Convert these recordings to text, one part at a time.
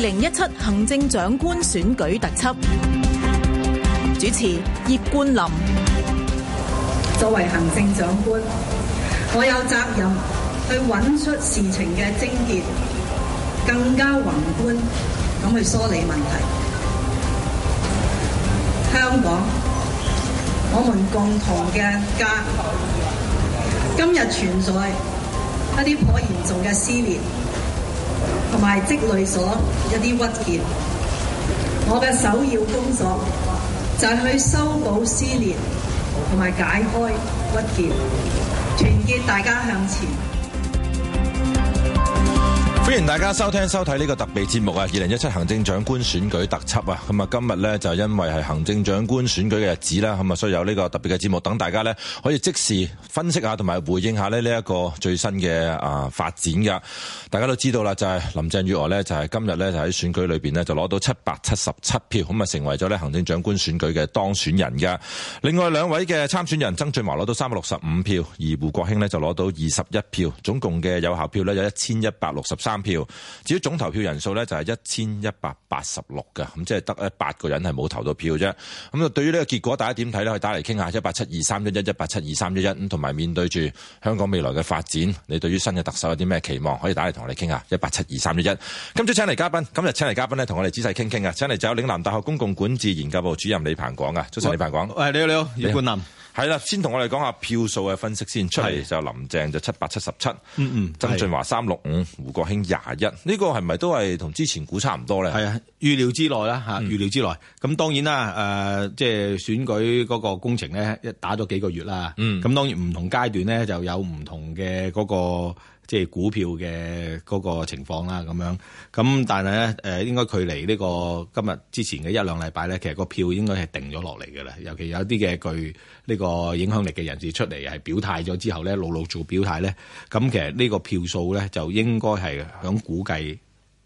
二零一七行政長官選舉特輯。主持葉冠霖。作為行政長官，我有責任去揾出事情嘅症結，更加宏觀，咁去梳理問題。香港，我哋共同嘅家，今日存在一啲頗嚴重嘅撕裂。同埋積累咗一啲鬱結，我嘅首要工作就係去修補撕裂，同埋解開鬱結，團結大家向前。歡迎大家收聽收睇呢個特別節目啊！二零一七行政長官選舉特輯啊！咁啊，今日咧，就因為係行政長官選舉嘅日子啦，咁啊，所以有呢個特別嘅節目等大家咧，可以即時分析下同埋回應下咧呢一個最新嘅啊發展噶大家都知道啦，就係林鄭月娥咧，就係今日咧就喺選舉裏邊咧，就攞到七百七十七票，咁啊成為咗咧行政長官選舉嘅當選人噶另外兩位嘅參選人曾俊華攞到三百六十五票，而胡國興咧，就攞到二十一票，總共嘅有效票咧有一千一百六十三。票，至於總投票人數呢，就係一千一百八十六噶，咁即係得一八個人係冇投到票啫。咁啊，對於呢個結果，大家點睇呢？可以打嚟傾下一八七二三一一一八七二三一一咁。同埋面對住香港未來嘅發展，你對於新嘅特首有啲咩期望？可以打嚟同我哋傾下一八七二三一一。今朝請嚟嘉賓，今日請嚟嘉賓呢，同我哋仔細傾傾啊！請嚟就嶺南大學公共管治研究部主任李彭廣啊，早晨李彭廣。喂，你好，你好，葉冠南。係啦，先同我哋講下票數嘅分析先。出嚟，就林鄭就七百七十七，嗯嗯，曾俊華三六五，胡國興廿一。呢個係咪都係同之前估差唔多咧？係啊，預料之內啦吓，預料之內。咁、嗯、當然啦，誒、呃，即係選舉嗰個工程咧，一打咗幾個月啦。嗯，咁當然唔同階段咧，就有唔同嘅嗰、那個。即係股票嘅嗰個情況啦，咁樣咁，但係咧誒，應該距離呢個今日之前嘅一兩禮拜咧，其實個票應該係定咗落嚟嘅啦。尤其有啲嘅具呢個影響力嘅人士出嚟係表態咗之後咧，老老做表態咧，咁其實呢個票數咧就應該係響估計誒、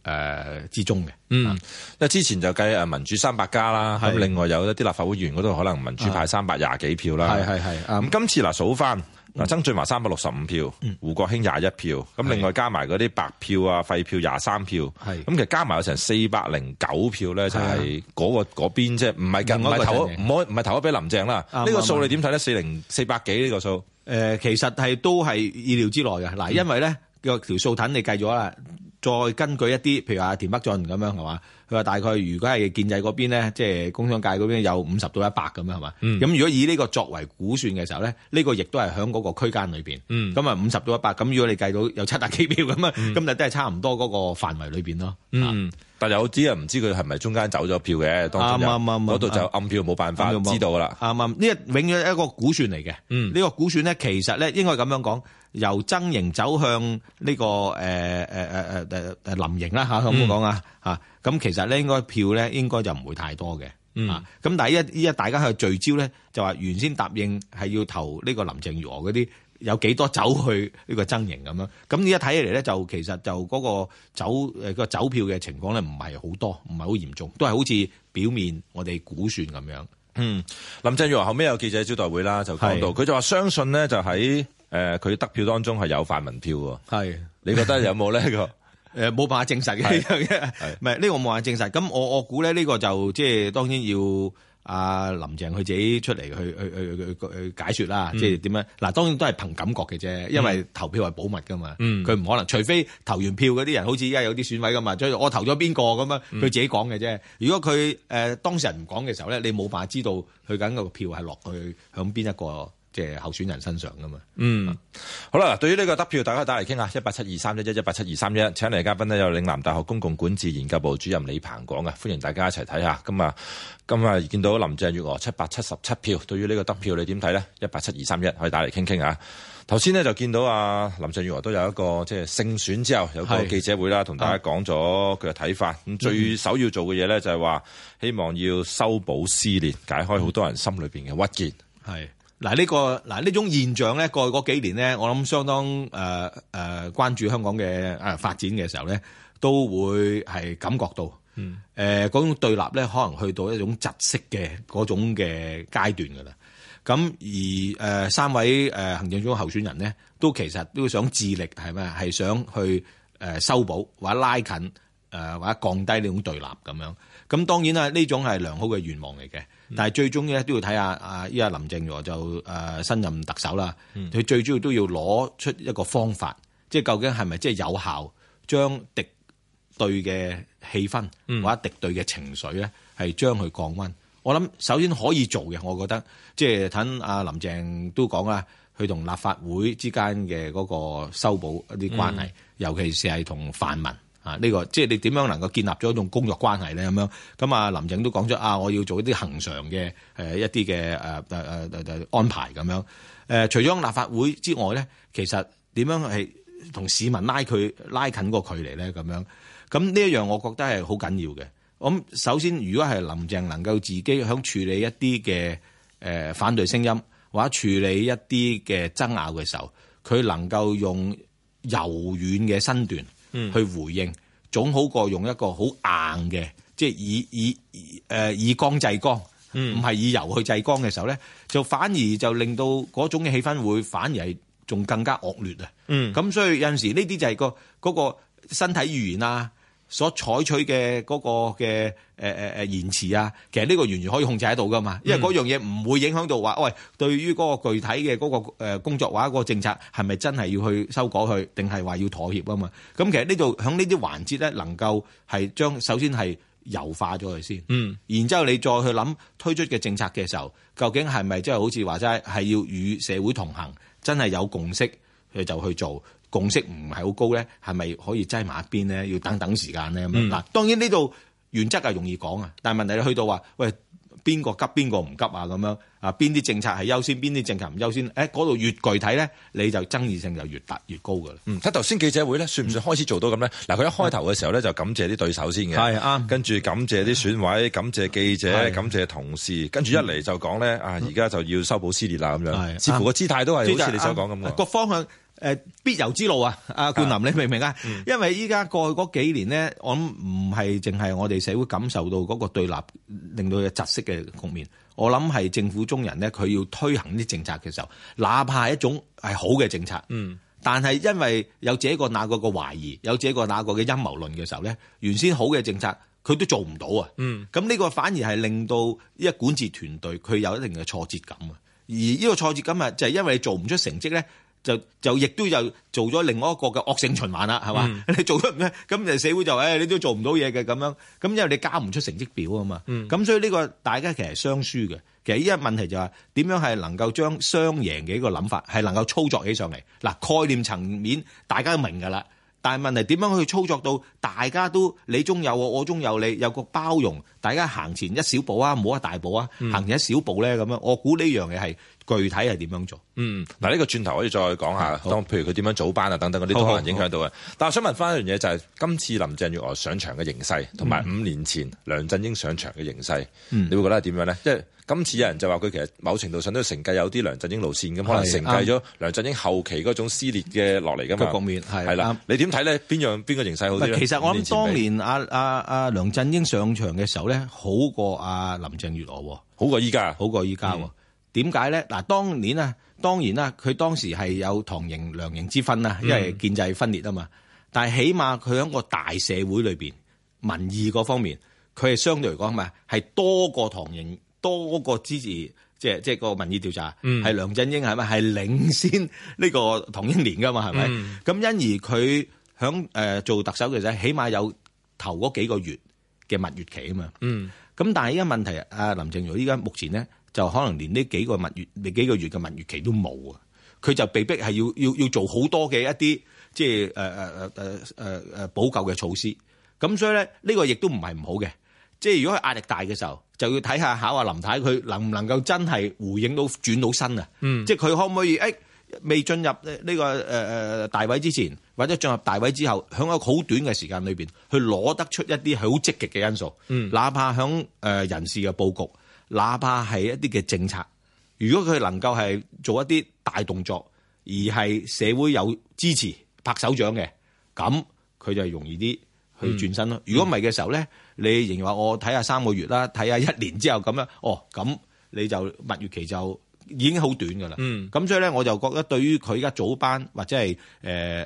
呃、之中嘅。嗯，因、啊、為之前就計誒民主三百加啦，咁另外有一啲立法會議員嗰度可能民主派三百廿幾票啦。係係係。咁、啊、今次嗱數翻。嗱，曾俊華三百六十五票，胡國興廿一票，咁另外加埋嗰啲白票啊、廢票廿三票，咁其實加埋有成四百零九票咧，就係嗰個嗰邊啫，唔係近嗰個。唔係投，唔可唔係投咗俾林鄭啦。呢個數你點睇咧？四零四百幾呢個數？誒，其實係都係意料之內嘅。嗱，因為咧個條數等你計咗啦，再根據一啲，譬如話田北俊咁樣係嘛。佢話大概如果係建制嗰邊咧，即係工商界嗰邊有五十到一百咁樣係嘛？咁、mm. 如果以呢個作為估算嘅時候咧，呢、呢個亦都係喺嗰個區間裏面。咁啊五十到一百，咁如果你計到有七大幾票咁啊，咁就都係差唔多嗰個範圍裏面咯。Mm. 嗯，但有啲人啊唔知佢係咪中間走咗票嘅，當啱嗰度就暗票冇、yeah, yeah, yeah. 辦法知道啦。啱啱呢個永遠一個估算嚟嘅。呢、mm. 個估算咧，其實咧應該咁樣講。由曾營走向呢、這個誒誒誒誒林營啦，嚇，咁講啊嚇，咁其實咧應該票咧應該就唔會太多嘅、嗯，啊咁但係依家，依家大家去聚焦咧，就話原先答應係要投呢個林鄭月娥嗰啲有幾多走去呢個曾營咁樣，咁呢一睇起嚟咧，就其實就嗰個走、誒個、走票嘅情況咧唔係好多，唔係好嚴重，都係好似表面我哋估算咁樣。嗯，林鄭月娥後尾有記者招待會啦，就講到佢就話相信咧就喺。誒、呃、佢得票當中係有泛民票喎，係你覺得有冇呢、呢個？冇、 呃、辦法證實嘅唔係呢個冇辦法證實。咁我我估咧呢個就即係當然要阿林鄭佢自己出嚟去去去去解説啦，即係點樣？嗱、嗯、當然都係憑感覺嘅啫，因為投票係保密噶嘛，佢、嗯、唔可能除非投完票嗰啲人好似而家有啲選委噶嘛，即係我投咗邊個咁嘛，佢自己講嘅啫。如果佢、呃、當事人唔講嘅時候咧，你冇辦法知道佢緊個票係落去響邊一個嘅候選人身上噶嘛？嗯，好啦，對於呢個得票，大家可以打嚟傾下一八七二三一一一八七二三一，17231, 17231, 請嚟嘉賓呢，有嶺南大學公共管治研究部主任李彭廣噶，歡迎大家一齊睇下。咁啊，今啊，見到林鄭月娥七百七十七票，對於呢個得票你點睇呢？一八七二三一，可以打嚟傾傾下。頭先呢，就見到啊林鄭月娥都有一個即係、就是、勝選之後有個記者會啦，同大家講咗佢嘅睇法。咁、嗯、最首要做嘅嘢呢，就係話希望要修補撕裂，解開好多人心裏邊嘅鬱結係。嗱、這、呢個嗱呢種現象咧，過去嗰幾年咧，我諗相當誒誒、呃呃、關注香港嘅誒、呃、發展嘅時候咧，都會係感覺到，誒、嗯、嗰、呃、種對立咧，可能去到一種窒息嘅嗰種嘅階段㗎啦。咁而誒、呃、三位誒、呃、行政長官候選人咧，都其實都想致力係咩？係想去誒修補或者拉近。誒或者降低呢種對立咁樣，咁當然啦，呢種係良好嘅願望嚟嘅。但係最終咧都要睇下啊！依家林鄭月娥就誒新任特首啦，佢、嗯、最主要都要攞出一個方法，即係究竟係咪即係有效將敵對嘅氣氛、嗯、或者敵對嘅情緒咧，係將佢降溫。我諗首先可以做嘅，我覺得即係等阿林鄭都講啦，佢同立法會之間嘅嗰個修補一啲關係、嗯，尤其是係同泛民。嗯啊、這個，呢個即係你點樣能夠建立咗一種工作關係咧？咁樣咁啊，林鄭都講咗啊，我要做一啲恒常嘅、呃、一啲嘅誒誒安排咁樣。誒、呃呃呃呃、除咗立法會之外咧，其實點樣係同市民拉佢拉近個距離咧？咁樣咁呢一樣，樣我覺得係好緊要嘅。咁首先，如果係林鄭能夠自己響處理一啲嘅誒反對聲音，或者處理一啲嘅爭拗嘅時候，佢能夠用柔軟嘅身段。嗯、去回應，總好過用一個好硬嘅，即係以以誒、呃、以光制光，唔、嗯、係以油去制光嘅時候咧，就反而就令到嗰種嘅氣氛會反而係仲更加惡劣啊！咁、嗯、所以有陣時呢啲就係個嗰、嗰個身體語言啦、啊。所採取嘅嗰個嘅誒誒誒言辭啊，其實呢個完全可以控制喺度㗎嘛，因為嗰樣嘢唔會影響到話，喂，對於嗰個具體嘅嗰個誒工作或者嗰個政策係咪真係要去修改佢，定係話要妥協啊嘛？咁其實呢度響呢啲環節咧，能夠係將首先係優化咗佢先，嗯，然之後你再去諗推出嘅政策嘅時候，究竟係咪真係好似話齋係要與社會同行，真係有共識佢就去做。共識唔係好高咧，係咪可以擠埋一邊咧？要等等時間咧咁嗱，當然呢度原則係容易講啊，但係問題你去到話，喂邊個急邊個唔急啊？咁樣啊，邊啲政策係優先，邊啲政策唔優先？誒，嗰度越具體咧，你就爭議性就越突越高噶啦。睇頭先記者會咧，算唔算開始做到咁咧？嗱、嗯，佢一開頭嘅時候咧、嗯，就感謝啲對手先嘅，啊、嗯，跟住感謝啲選委、嗯、感謝記者、嗯、感謝同事，跟住一嚟就講咧、嗯，啊，而家就要修補撕裂啦咁樣，似乎個姿態都係好似你所講咁嘅方向。誒必由之路啊！阿冠林，你明唔明啊？因為依家過去嗰幾年咧，我諗唔係淨係我哋社會感受到嗰個對立，令到嘅窒息嘅局面。我諗係政府中人咧，佢要推行啲政策嘅時候，哪怕係一種係好嘅政策，嗯，但係因為有這個那個個懷疑，有這個那個嘅陰謀論嘅時候咧，原先好嘅政策佢都做唔到啊。嗯，咁呢個反而係令到呢個管治團隊佢有一定嘅挫折感啊。而呢個挫折感啊，就係因為你做唔出成績咧。就就亦都就做咗另外一個嘅惡性循環啦，係嘛？嗯、你做咗咩？咁誒社會就、哎、你都做唔到嘢嘅咁樣。咁因為你交唔出成績表啊嘛。咁、嗯、所以呢個大家其實雙輸嘅。其實依個問題就係、是、點樣係能夠將雙贏嘅一個諗法係能夠操作起上嚟嗱概念層面大家都明㗎啦。但係問題點樣去操作到大家都你中有我，我中有你，有個包容，大家行前一小步啊，唔好一大步啊，行前一小步咧咁樣。我估呢樣嘢係。具體係點樣做？嗯，嗱，呢個轉頭可以再講下，當、嗯、譬如佢點樣組班啊，等等嗰啲都可能影響到嘅。但我想問翻一樣嘢，就係、是、今次林鄭月娥上場嘅形勢，同埋五年前梁振英上場嘅形勢、嗯，你會覺得係點樣咧？即係今次有人就話佢其實某程度上都承繼有啲梁振英路線咁，可能承繼咗梁振英後期嗰種撕裂嘅落嚟嘅局面係啦。你點睇咧？邊樣邊個形勢好啲咧？其實我諗當年阿阿阿梁振英上場嘅時候咧，好過阿林鄭月娥，好過依家，好過依家。嗯點解咧？嗱，當年咧，當然啦，佢當時係有唐營、梁營之分啦，因為建制分裂啊嘛。但係起碼佢喺個大社會裏邊民意嗰方面，佢係相對嚟講唔係係多過唐營多過支持，即係即係個民意調查係梁振英係咪係領先呢個唐英年㗎嘛？係咪？咁因而佢響誒做特首嘅時候，起碼有頭嗰幾個月嘅蜜月期啊嘛。咁但係依家問題，阿林鄭月娥依家目前咧，就可能連呢幾個月、幾個月、呢幾個月嘅蜜月期都冇啊！佢就被逼係要要要做好多嘅一啲即係誒誒誒誒補救嘅措施。咁所以咧，呢、這個亦都唔係唔好嘅。即係如果佢壓力大嘅時候，就要睇下考下林太佢能唔能夠真係回應到轉到身啊！嗯、即係佢可唔可以誒未、哎、進入呢、這個誒、呃、大位之前，或者進入大位之後，喺一個好短嘅時間裏面，去攞得出一啲好積極嘅因素。嗯、哪怕喺、呃、人事嘅佈局。哪怕係一啲嘅政策，如果佢能夠係做一啲大動作，而係社會有支持拍手掌嘅，咁佢就容易啲去轉身咯。如果唔係嘅時候咧，你仍然話我睇下三個月啦，睇下一年之後咁樣哦，咁你就蜜月期就已經好短噶啦。咁、嗯、所以咧，我就覺得對於佢而家早班或者係誒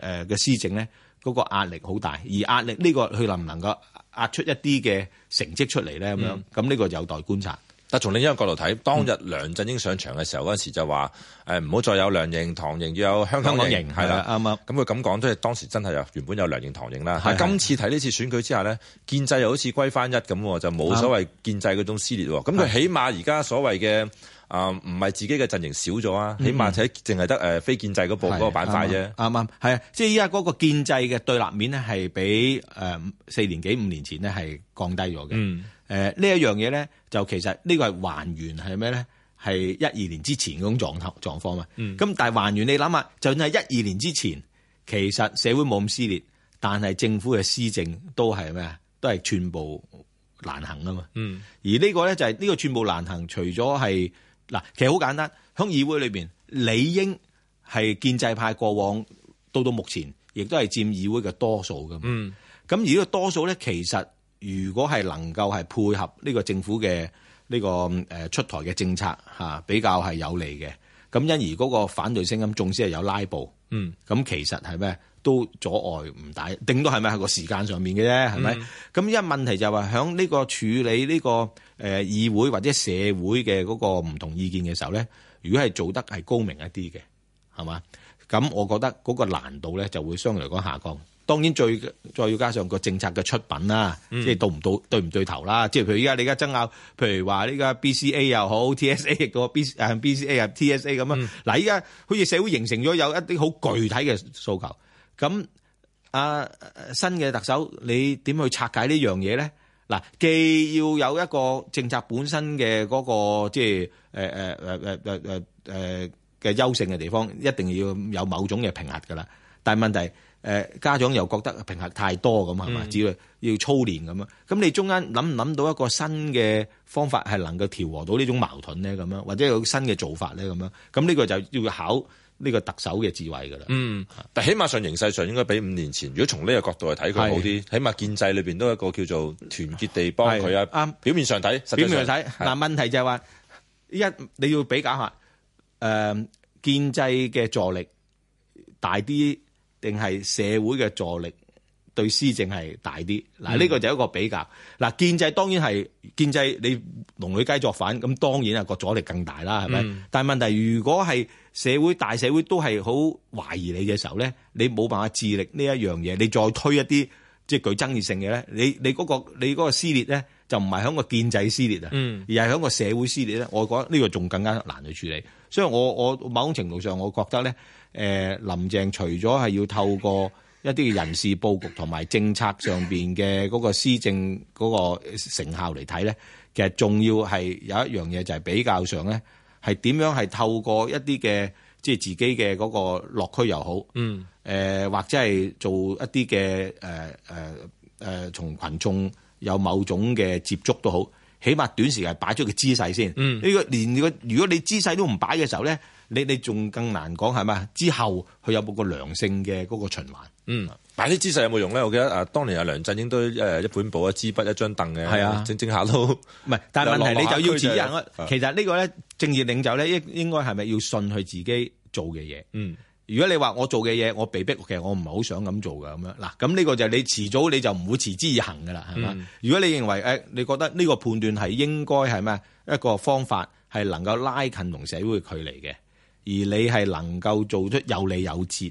誒嘅施政咧，嗰、那個壓力好大，而壓力呢、這個佢能唔能夠壓出一啲嘅成績出嚟咧？咁樣咁呢個就有待觀察。但從從另一個角度睇，當日梁振英上場嘅時候嗰陣時就話：哎，唔好再有梁營、唐營，要有香港營係啦，啱啱。咁佢咁講都係當時真係原本有梁營、唐營啦。喺今次睇呢次選舉之下咧，建制又好似歸翻一咁，就冇所謂建制嗰種撕裂。咁、嗯、佢起碼而家所謂嘅啊，呃，唔係自己嘅陣營少咗啊，起碼喺淨係得非建制嗰部嗰個板塊啫。啱啱啊，即係依家嗰個建制嘅對立面咧，係比四年幾五年前係降低咗嘅。嗯誒，呢一樣嘢咧，就其實呢個係還原係咩？咧？係一二年之前嗰種狀態狀況嘛。咁但係還原，你諗下，就算係一二年之前，其實社會冇咁撕裂，但係政府嘅施政都係咩啊？都係寸步難行啊嘛。而呢個咧就係呢個寸步難行，嗯就係呢個、難行除咗係嗱，其實好簡單，響議會裏邊理應係建制派過往到到目前，亦都係佔議會嘅多數噶嘛。咁、嗯、而呢個多數咧，其實。如果係能夠係配合呢個政府嘅呢、呢個誒出台嘅政策嚇，比較係有利嘅，咁因而嗰個反對聲音縱使係有拉布，嗯，咁其實係咩都阻礙唔大，定都係咪喺個時間上面嘅啫？係咪？咁、嗯、而家問題就係話喺呢個處理呢個誒議會或者社會嘅嗰個唔同意見嘅時候咧，如果係做得係高明一啲嘅，係嘛？咁我覺得嗰個難度咧就會相對嚟講下降。當然，最再要加上個政策嘅出品啦，即係到唔到對唔對頭啦。即係譬如依家你而家爭拗，譬如話呢個 B C A 又好 T S A 亦都 B 誒 B C A 啊 T S A 咁啊。嗱，依家好似社會形成咗有一啲好具體嘅訴求。咁啊，新嘅特首你點去拆解呢樣嘢咧？嗱，既要有一個政策本身嘅嗰個即係誒誒誒誒誒誒嘅優勝嘅地方，一定要有某種嘅平衡噶啦。但係問題。誒家長又覺得評核太多咁，係、嗯、嘛？只要要操練咁啊。咁你中間諗唔諗到一個新嘅方法，係能夠調和到呢種矛盾咧？咁樣或者有新嘅做法咧？咁樣咁呢個就要考呢個特首嘅智慧噶啦。嗯，但起碼上形勢上應該比五年前，如果從呢個角度去睇，佢好啲。起碼建制裏邊都有一個叫做團結地幫佢啊。啱，表面上睇，表面上睇嗱，問題就係話一你要比較下誒、嗯、建制嘅助力大啲，定係社會嘅助力對施政係大啲嗱，呢個就一個比較嗱、嗯、建制當然係建制，你龍女雞作反咁當然係個阻力更大啦，係咪？嗯、但係問題如果係社會大社會都係好懷疑你嘅時候咧，你冇辦法致力呢一樣嘢，你再推一啲即係具爭議性嘅咧，你你嗰個你嗰個撕裂咧就唔係喺個建制撕裂啊，嗯、而係喺個社會撕裂咧，我覺得呢個仲更加難去處理，所以我我某種程度上我覺得咧。誒，林鄭除咗係要透過一啲嘅人事布局同埋政策上邊嘅嗰個施政嗰個成效嚟睇咧，其實仲要係有一樣嘢就係比較上咧，係點樣係透過一啲嘅即係自己嘅嗰個落區又好，嗯，誒或者係做一啲嘅誒誒誒，從、呃呃呃、群眾有某種嘅接觸都好，起碼短時間擺出個姿勢先，嗯，呢個連個如果你姿勢都唔擺嘅時候咧。你你仲更難講係咪？之後佢有冇個良性嘅嗰個循環？嗯，擺啲姿勢有冇用咧？我記得啊，當年阿梁振英都誒一本簿、一支筆、一張凳嘅係啊，整整下都唔係但係問題你就要自己、就是。其實個呢個咧，政治領袖咧應應該係咪要信佢自己做嘅嘢？嗯，如果你話我做嘅嘢，我被逼，其實我唔係好想咁做㗎。咁樣嗱，咁呢個就係你遲早你就唔會持之以恒㗎啦，係嘛、嗯？如果你認為誒，你覺得呢個判斷係應該係咩一個方法，係能夠拉近同社會距離嘅。而你係能夠做出有理有節，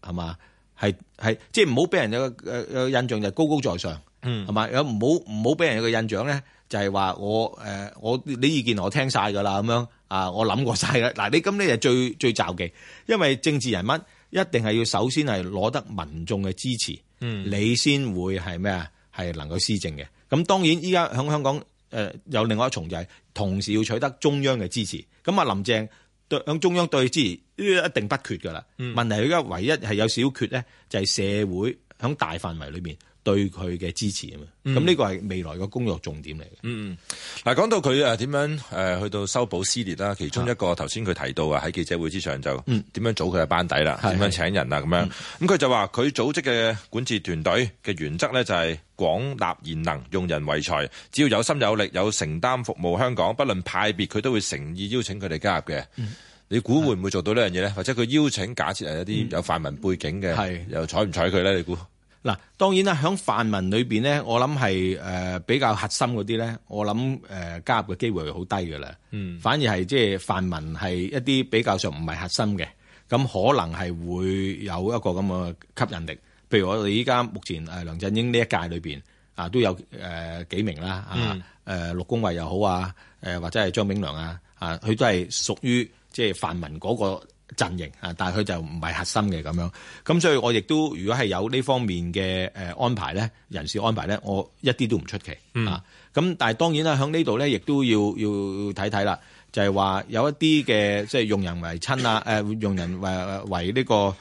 係嘛？係係即係唔好俾人有個誒有個印象就係高高在上，係嘛嗯唔好，係嘛？有唔好唔好俾人有個印象咧，就係話我誒我啲意見我聽晒㗎啦，咁樣啊，我諗過晒啦。嗱，你今日就最最詐忌,忌，因為政治人物一定係要首先係攞得民眾嘅支持，嗯你，你先會係咩啊？係能夠施政嘅。咁當然依家喺香港誒、呃、有另外一重就係同時要取得中央嘅支持。咁啊，林鄭。對，響中央對之呢一定不缺噶啦。問題係而家唯一係有少缺咧，就係社會響大範圍裏面。對佢嘅支持啊嘛，咁呢個係未來嘅工作重點嚟嘅。嗯，嗱講到佢啊點樣誒、呃、去到修補撕裂啦，其中一個頭先佢提到啊喺記者會之上就點樣組佢嘅班底啦，點、嗯、樣請人啦咁樣。咁、嗯、佢就話佢組織嘅管治團隊嘅原則呢，就係廣納賢能，用人為才，只要有心有力，有承擔服務香港，不論派別，佢都會誠意邀請佢哋加入嘅、嗯。你估會唔會做到呢樣嘢呢？或者佢邀請假設係一啲有泛民背景嘅，又睬唔睬佢呢？你估？嗱，當然啦，喺泛民裏邊咧，我諗係誒比較核心嗰啲咧，我諗誒加入嘅機會好低㗎喇。嗯，反而係即係泛民係一啲比較上唔係核心嘅，咁可能係會有一個咁嘅吸引力。譬如我哋依家目前誒梁振英呢一屆裏邊啊，都有誒幾名啦、嗯，啊誒陸恭蕙又好啊，誒或者係張炳良啊，啊佢都係屬於即係、就是、泛民嗰、那個陣營啊，但佢就唔係核心嘅咁樣，咁所以我亦都如果係有呢方面嘅安排咧，人事安排咧，我一啲都唔出奇、嗯、啊。咁但係當然啦，響呢度咧，亦都要要睇睇啦，就係、是、話有一啲嘅即係用人為親啊，咳咳用人為為呢個誒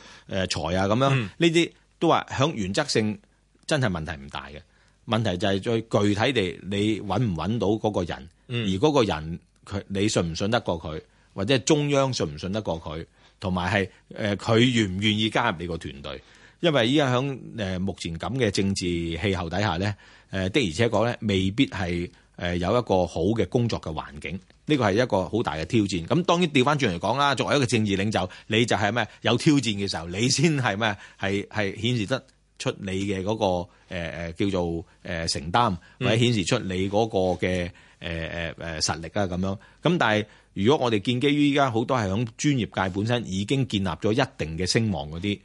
財啊咁樣，呢、嗯、啲都話響原則性真係問題唔大嘅。問題就係再具體地你揾唔揾到嗰個人，嗯、而嗰個人佢你信唔信得過佢，或者中央信唔信得過佢。同埋係誒佢願唔願意加入你個團隊，因為依家喺目前咁嘅政治氣候底下咧，誒的而且確咧，未必係有一個好嘅工作嘅環境，呢個係一個好大嘅挑戰。咁當然調翻轉嚟講啦，作為一個政治領袖，你就係咩有挑戰嘅時候，你先係咩係係顯示得出你嘅嗰個誒叫做誒承擔，或者顯示出你嗰個嘅。誒誒誒實力啊，咁樣，咁但係如果我哋建基於依家好多係響專業界本身已經建立咗一定嘅聲望嗰啲，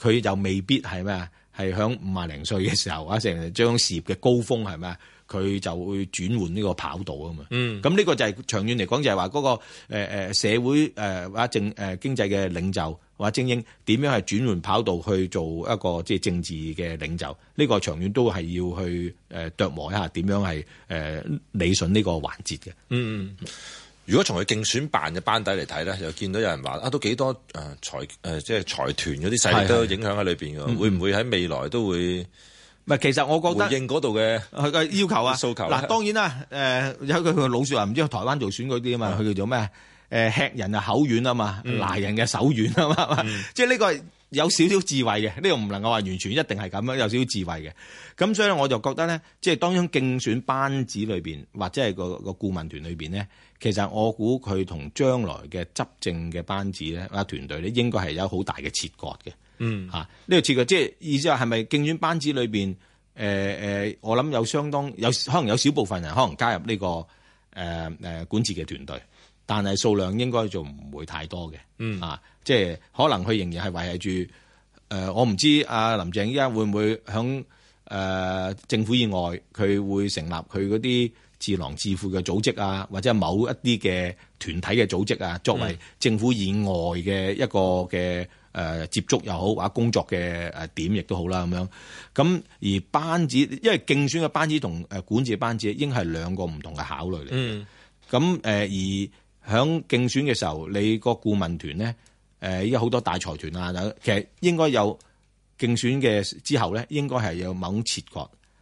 佢就未必係咩，係響五十零歲嘅時候啊，成日將事業嘅高峰係咩？佢就會轉換呢個跑道啊嘛。嗯，咁呢個就係、是、長遠嚟講就係話嗰個誒、呃、社會誒話、呃、政誒、呃、經濟嘅領袖。話精英點樣係轉換跑道去做一個即係政治嘅領袖？呢、這個長遠都係要去誒琢、呃、磨一下點樣係誒、呃、理順呢個環節嘅。嗯，如果從佢競選辦嘅班底嚟睇咧，又見到有人話啊，都幾多誒、呃、財誒、呃、即係財團嗰啲勢都影響喺裏邊嘅，會唔會喺未來都會、嗯？唔係，其實我覺得應嗰度嘅佢嘅要求啊訴求、啊。嗱，當然啦，誒、呃、有佢個老説話，唔知去台灣做選嗰啲啊嘛，佢叫做咩？誒吃人嘅口軟啊嘛，賴人嘅手軟啊嘛，即係呢個有少少智慧嘅呢個唔能夠話完全一定係咁樣，有少少智慧嘅。咁所以咧，我就覺得咧，即係當中競選班子裏邊或者係個個顧問團裏邊咧，其實我估佢同將來嘅執政嘅班子咧、團隊咧，應該係有好大嘅切割嘅。嗯，嚇呢個切割即係意思話係咪競選班子裏邊？誒、呃、誒，我諗有相當有可能有少部分人可能加入呢、這個誒誒、呃、管治嘅團隊。但係數量應該就唔會太多嘅，嗯啊，即係可能佢仍然係維係住，呃，我唔知阿林鄭依家會唔會喺，呃，政府以外，佢會成立佢嗰啲智囊智庫嘅組織啊，或者係某一啲嘅團體嘅組織啊，作為政府以外嘅一個嘅，呃，接觸又好，或者工作嘅點亦都好啦咁樣。咁而班子，因為競選嘅班子同，呃，管治嘅班子應係兩個唔同嘅考慮嚟嘅。咁、嗯、而、呃、而喺競選嘅時候，你個顧問團咧，誒而家好多大財團啊，其實應該有競選嘅之後咧，應該係有某切割。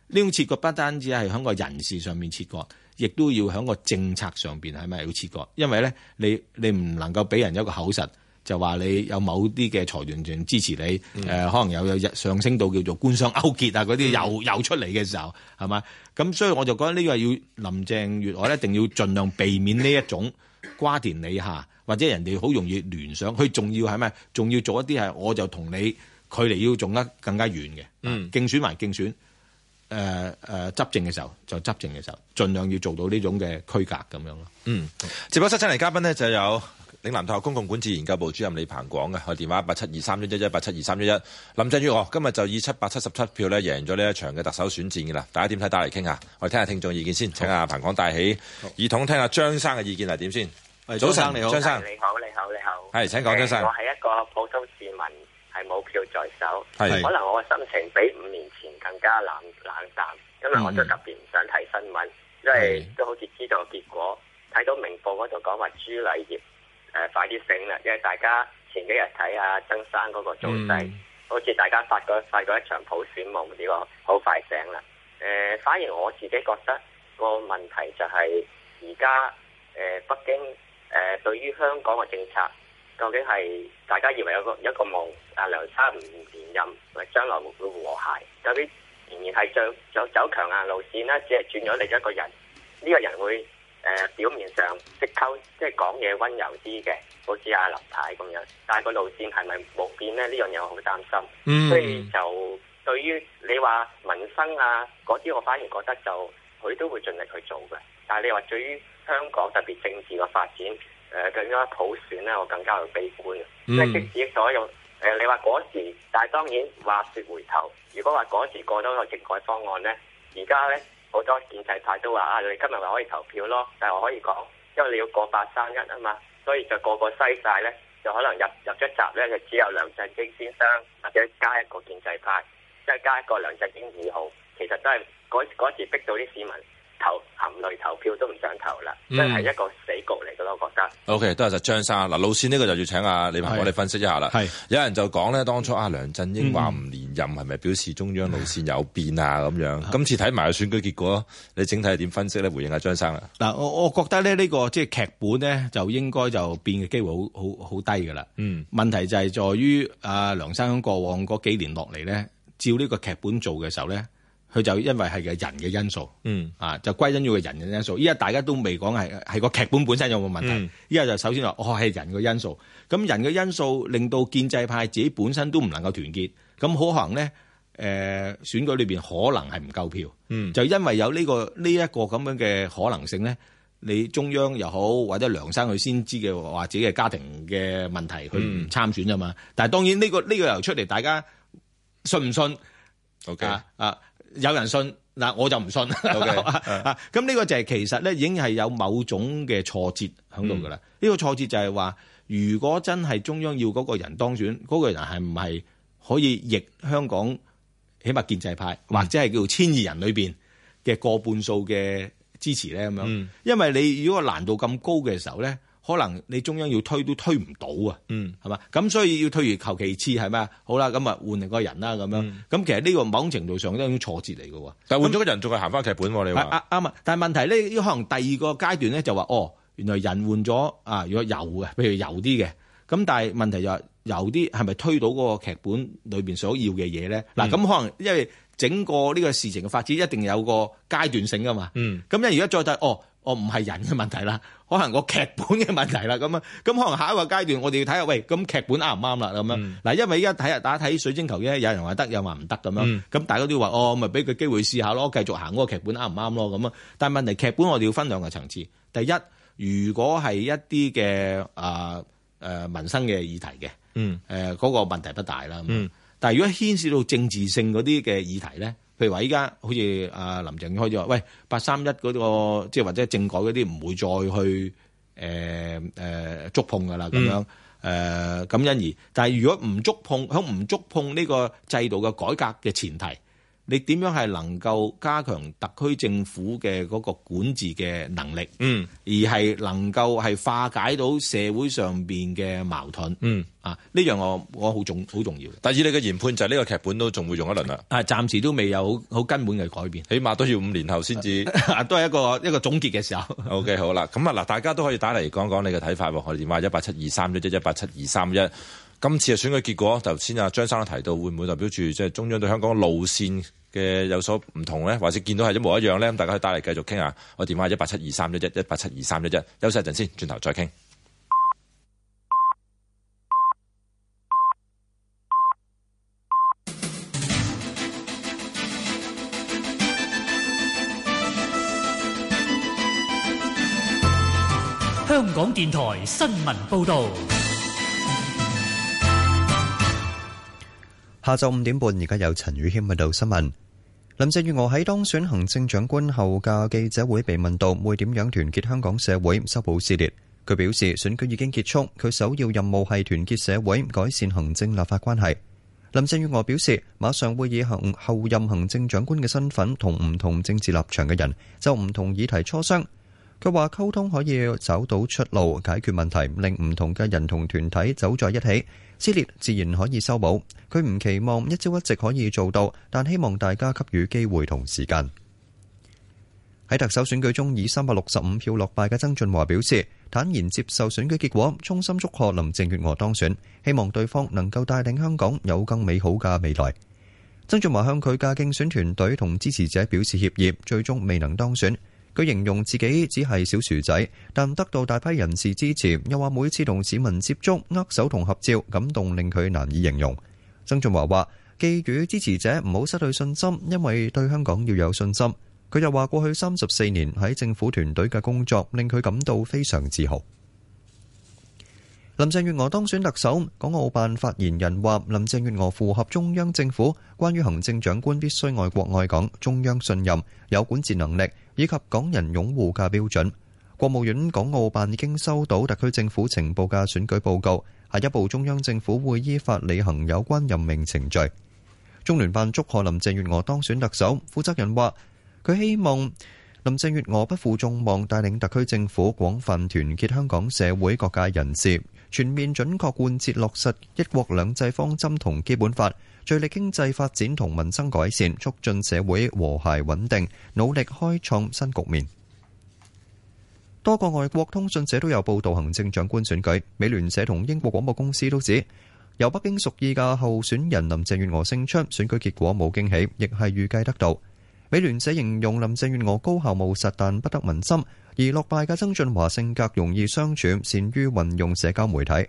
呢種切割不單止係喺個人事上面切割，亦都要喺個政策上邊係咪要切割？因為咧，你你唔能夠俾人一個口實，就話你有某啲嘅財團團支持你，誒、嗯呃、可能有有日上升到叫做官商勾結啊嗰啲又又出嚟嘅時候，係咪？咁所以我就覺得呢個係要林鄭月娥一定要盡量避免呢一種。瓜田李下，或者人哋好容易聯想，佢仲要係咩？仲要做一啲係我就同你距離要仲得更加遠嘅、嗯，競選埋競選，誒、呃、誒、呃、執政嘅時候就執政嘅時候，盡量要做到呢種嘅區隔咁樣咯。嗯，直播室請嚟嘉賓咧就有。嶺南大學公共管治研究部主任李彭廣啊，我電話八七二三一一一八七二三一一。林鄭月娥今日就以七百七十七票咧贏咗呢一場嘅特首選戰嘅啦，大家點睇？打嚟傾下，我哋聽下聽眾意見先。請阿彭廣戴起耳筒聽下張生嘅意見係點先生。早晨你好，張生你好你好你好。係，請講張生。我係一個普通市民，係冇票在手，可能我嘅心情比五年前更加冷冷淡，因為我特別唔想睇新聞、嗯，因為都好似知道結果，睇到明報嗰度講話朱麗葉。誒、呃，快啲醒啦！因為大家前幾日睇啊曾生嗰個造勢、嗯，好似大家發過發過一場普選夢呢，這個好快醒啦。誒、呃，反而我自己覺得個問題就係而家誒北京誒、呃、對於香港嘅政策，究竟係大家以為有一個有一個夢？阿梁生唔連任，將來會和諧？究竟仍然係走走走強硬路線咧？只、就、係、是、轉咗嚟，一個人呢，這個人會？誒、呃、表面上即溝，即係講嘢溫柔啲嘅，好似阿林太咁樣。但係個路線係咪冇變咧？呢樣嘢我好擔心。嗯。所以就對於你話民生啊嗰啲，我反而覺得就佢都會盡力去做嘅。但係你話對於香港特別政治嘅發展，誒更加普選咧，我更加去悲觀。嗯。即係即使再用、呃、你話嗰時，但係當然話説回頭，如果話嗰時過咗個政改方案咧，而家咧。好多建制派都話啊，你今日咪可以投票咯，但係我可以講，因為你要過八三一啊嘛，所以就個個西晒咧，就可能入入咗閘咧，就只有梁振英先生或者加一個建制派，即係加一個梁振英二號，其實都係嗰嗰時逼到啲市民。投含淚投票都唔想投啦、嗯，真係一個死局嚟，我覺得。O K，都係實張生嗱，路線呢個就要請阿李彭廣我哋分析一下啦。係有人就講咧，當初阿梁振英話唔連任，係、嗯、咪表示中央路線有變啊？咁樣，今次睇埋個選舉結果，你整體係點分析咧？回應阿張生啦。嗱，我我覺得咧、這個，呢個即係劇本咧，就應該就變嘅機會好好好低噶啦。嗯，問題就係在於阿梁生過往嗰幾年落嚟咧，照呢個劇本做嘅時候咧。佢就因為係嘅人嘅因素，嗯啊，就歸因於嘅人嘅因素。依家大家都未講係係個劇本本身有冇問題，依、嗯、家就首先話哦係人嘅因素。咁人嘅因素令到建制派自己本身都唔能夠團結，咁好可能咧誒、呃、選舉裏邊可能係唔夠票，嗯就因為有呢、這個呢一、這個咁樣嘅可能性咧，你中央又好或者梁生佢先知嘅話自己嘅家庭嘅問題，佢唔參選咋嘛、嗯？但係當然呢、這個呢、這個又出嚟，大家信唔信、嗯、？O、okay. K 啊。啊有人信嗱，我就唔信 okay, 啊！咁呢個就係其實咧，已經係有某種嘅挫折喺度噶啦。呢、嗯呢個挫折就係話，如果真係中央要嗰個人當選，嗰、嗰個人係唔係可以逆香港，起碼建制派或者係叫做千二人裏面嘅過半數嘅支持咧？咁、嗯、樣因為你如果難度咁高嘅時候咧。可能你中央要推都推唔到啊，嗯，係嘛，咁所以要退而求其次係咩？好啦，咁啊換另個人啦，咁樣，咁、嗯、其實呢個某程度上都係一種挫折嚟嘅。但係換咗個人仲係行翻劇本，你話？啱啊。但係問題咧，呢可能第二個階段咧就話哦，原來人換咗啊，如果有嘅，譬如有啲嘅。咁但係問題就係有啲係咪推到嗰個劇本裏邊所要嘅嘢咧？嗱，咁可能因為整個呢個事情嘅發展一定有個階段性噶嘛。嗯。咁而家再睇哦。我唔係人嘅問題啦，可能我劇本嘅問題啦，咁啊，咁可能下一個階段我哋要睇下，喂，咁劇本啱唔啱啦？咁樣嗱、嗯，因為依家睇啊大家睇水晶球啫，有人話得，又話唔得咁樣，咁、嗯、大家都話，哦，咪俾個機會試下咯，我繼續行嗰個劇本啱唔啱咯？咁啊，但係問題劇本我哋要分兩個層次，第一，如果係一啲嘅啊誒民生嘅議題嘅，嗰、嗯呃嗰個問題不大啦、嗯，但係如果牽涉到政治性嗰啲嘅議題咧。譬如話依家好似阿林鄭開咗話，喂，八三一嗰個即係或者政改嗰啲唔會再去誒誒觸碰㗎啦，咁樣誒咁、呃、因而，但係如果唔觸碰，響唔觸碰呢個制度嘅改革嘅前提。你點樣係能夠加強特區政府嘅嗰個管治嘅能力？嗯，而係能夠係化解到社會上面嘅矛盾。嗯，啊，呢樣我我好重好重要。第二，你嘅研判就係呢個劇本都仲會用一輪啊。啊，暫時都未有好根本嘅改變，起碼都要五年後先至 都係一個一個總結嘅時候。 o、okay, K，好啦，咁啊嗱，大家都可以打嚟講講你嘅睇法喎。我哋電話一八七二三一一八七二三一。187231, 187231今次嘅選舉結果，頭先阿張生提到，會唔會代表住即係中央對香港路線嘅有所唔同咧，還是見到係一模一樣咧？咁大家可以打嚟繼續傾下，我電話一八七二三一一一八七二三一一，休息一陣先，轉頭再傾。香港電台新聞報導。下晝五點半，而家有陳宇軒報道新聞。林鄭月娥喺當選行政長官後嘅記者會被問到會點樣團結香港社會、修補撕裂。佢表示選舉已經結束，佢首要任務係團結社會、改善行政立法關係。林鄭月娥表示，馬上會以候任行政長官嘅身份，同唔同政治立場嘅人就唔同議題磋商。佢話溝通可以找到出路、解決問題，令唔同嘅人同團體走在一起。撕裂自然可以修補，佢唔期望一朝一夕可以做到，但希望大家給予機會同時間。喺特首選舉中以三百六十五票落敗嘅曾俊華表示，坦然接受選舉結果，衷心祝賀林鄭月娥當選，希望對方能夠帶領香港有更美好嘅未來。曾俊華向佢嘅競選團隊同支持者表示歉意，最終未能當選。佢形容自己只係小薯仔，但得到大批人士支持，又話每次同市民接觸，握手同合照，感動令佢難以形容。曾俊華話，以及港人擁護嘅標準，國務院港澳辦已經收到特區政府呈報嘅選舉報告，下一步中央政府會依法履行有關任命程序。中聯辦祝賀林鄭月娥當選特首，負責人話，佢希望林鄭月娥不負眾望帶領特區政府廣泛團結香港社會各界人士，全面準確貫徹落實一國兩制方針同基本法。聚力經濟發展同民生改善，促進社會和諧穩定，努力開創新局面。多個外國通訊社都有報道行政長官選舉。美聯社同英國廣播公司都指，由北京屬意嘅候選人林鄭月娥勝出，選舉結果冇驚喜，亦係預計得到。美聯社形容林鄭月娥高效務實，但不得民心；而落敗嘅曾俊華性格容易相處，擅於運用社交媒體。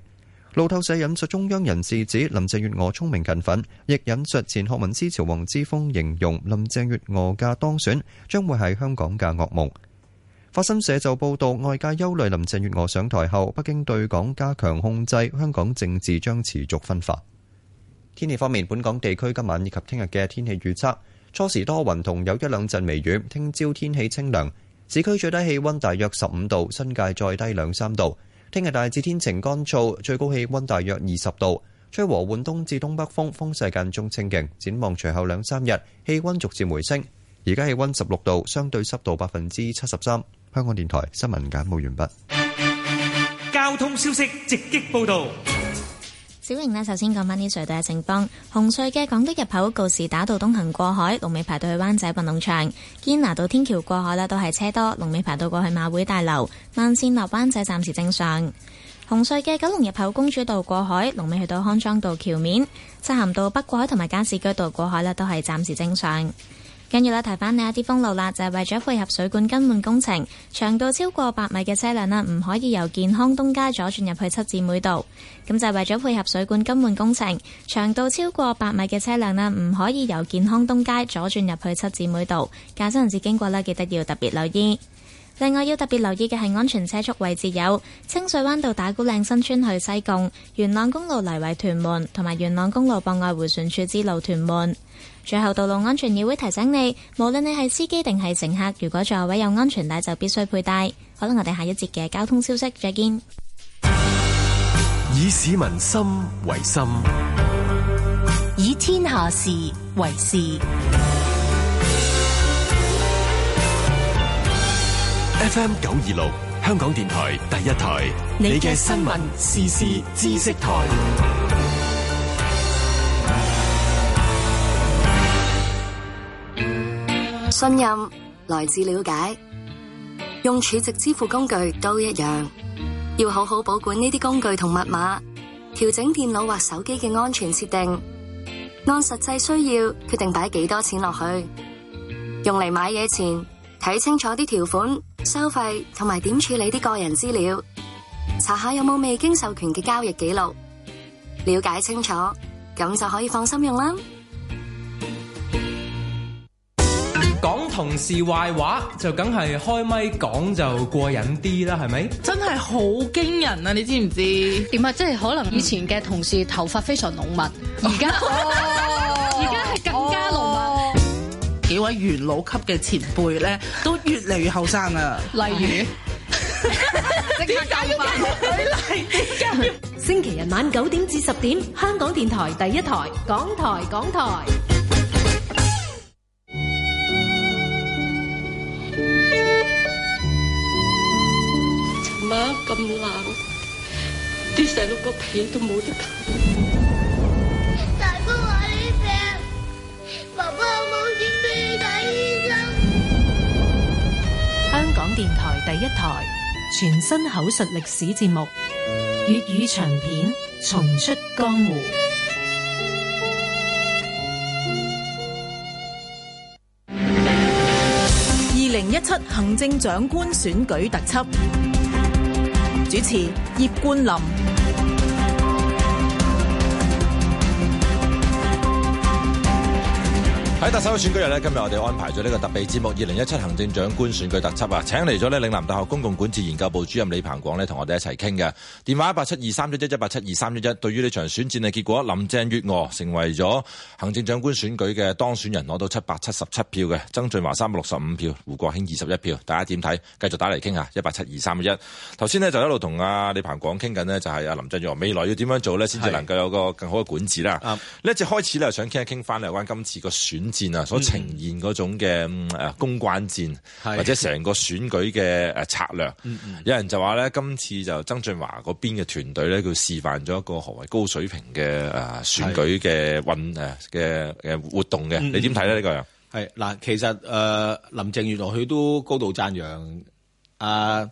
路透社引述中央人士指林鄭月娥聰明勤奮，亦引述前學民思潮黃之鋒形容林鄭月娥嘅當選將會係香港嘅噩夢。法新社就報道，外界憂慮林鄭月娥上台後，北京對港加強控制，香港政治將持續分化。天氣方面，本港地區今晚以及聽日嘅天氣預測，初時多雲，同有一兩陣微雨。聽朝天氣清涼，市區最低氣溫大約15度，新界再低兩三度。聽日大致天晴乾燥，最高氣溫大約二十度，吹和緩東至東北風，風勢間中清勁。展望隨後兩三日，氣溫逐漸回升。而家氣溫十六度，相對濕度百分之七十三。香港電台新聞簡報完畢。交通消息直擊報道。小玲呢，首先講翻啲隧道嘅情況。紅隧嘅港島入口告士打道東行過海，龍尾排到去灣仔運動場；堅拿道天橋過海呢，都係車多，龍尾排到過去馬會大樓。慢線落灣仔暫時正常。紅隧嘅九龍入口公主道過海，龍尾去到康莊道橋面；漆咸道北過海同埋加士居道過海呢，都係暫時正常。跟住咧，提返你一啲封路啦，就係、是、為咗配合水管更換工程，長度超過百米嘅車輛呢，唔可以由健康東街左轉入去七姊妹道。咁就係為咗配合水管更換工程，長度超過百米嘅車輛呢，唔可以由健康東街左轉入去七姊妹道。駕駛人士經過呢，記得要特別留意。另外要特別留意嘅係安全車速位置有清水灣道打鼓嶺新村去西貢、元朗公路嚟圍屯門，同埋元朗公路博愛回旋處之路屯門。最後，道路安全議會提醒你，無論你係司機定係乘客，如果座位有安全帶，就必須佩戴。好啦，我哋下一節嘅交通消息再見。以市民心為心，以天下事為事。FM 九二六，香港電台第一台，你嘅新聞時事知識台。信任來自了解，用儲值支付工具都一樣，要好好保管呢啲工具同密碼，調整電腦或手機嘅安全設定，按實際需要決定擺幾多錢落去，用嚟買嘢前睇清楚啲條款、收費同埋點處理啲個人資料，查下有冇未經授權嘅交易記錄，了解清楚咁就可以放心用啦。同事壞話就梗係開咪講就過癮啲啦，係咪？真係好驚人啊！你知唔知點啊？即、嗯、係可能以前嘅同事頭髮非常濃密，而家而家係更加濃密，哦。幾位元老級嘅前輩咧，都越嚟越後生啊！例如 ，星期日晚九點至十點，香港電台第一台，港台，港台。唔冷，啲成六個皮都冇得救。大哥話你病，爸爸冇錢俾睇醫生。香港電台第一台全新口述歷史節目《粵語長片重出江湖》。二零一七行政長官選舉特輯。主持葉冠霖。喺特首選舉日呢，今日我哋安排咗呢個特備節目《二零一七行政長官選舉特輯》啊，請嚟咗呢嶺南大學公共管治研究部主任李彭廣呢，同我哋一齊傾嘅。電話一八七二三一一一八七二三一一。對於呢場選戰嘅結果，林鄭月娥成為咗行政長官選舉嘅當選人，攞到七百七十七票嘅，曾俊華三百六十五票，胡國興二十一票。大家點睇？繼續打嚟傾下，一八七二三一一。頭先呢，就一路同阿李彭廣傾緊呢，就係阿林鄭月娥未來要點樣做呢？先至能夠有個更好嘅管治啦。呢、嗯、一節開始呢，想傾一傾翻有關今次個選。戰啊，所呈現嗰種嘅誒公關戰，或者成個選舉嘅誒策略，有人就話咧，今次就曾俊華嗰邊嘅團隊咧，佢示範咗一個何謂高水平嘅誒選舉嘅運誒嘅誒活動嘅，你點睇咧呢個？係嗱，其實誒、呃、林鄭月娥佢都高度贊揚啊。呃.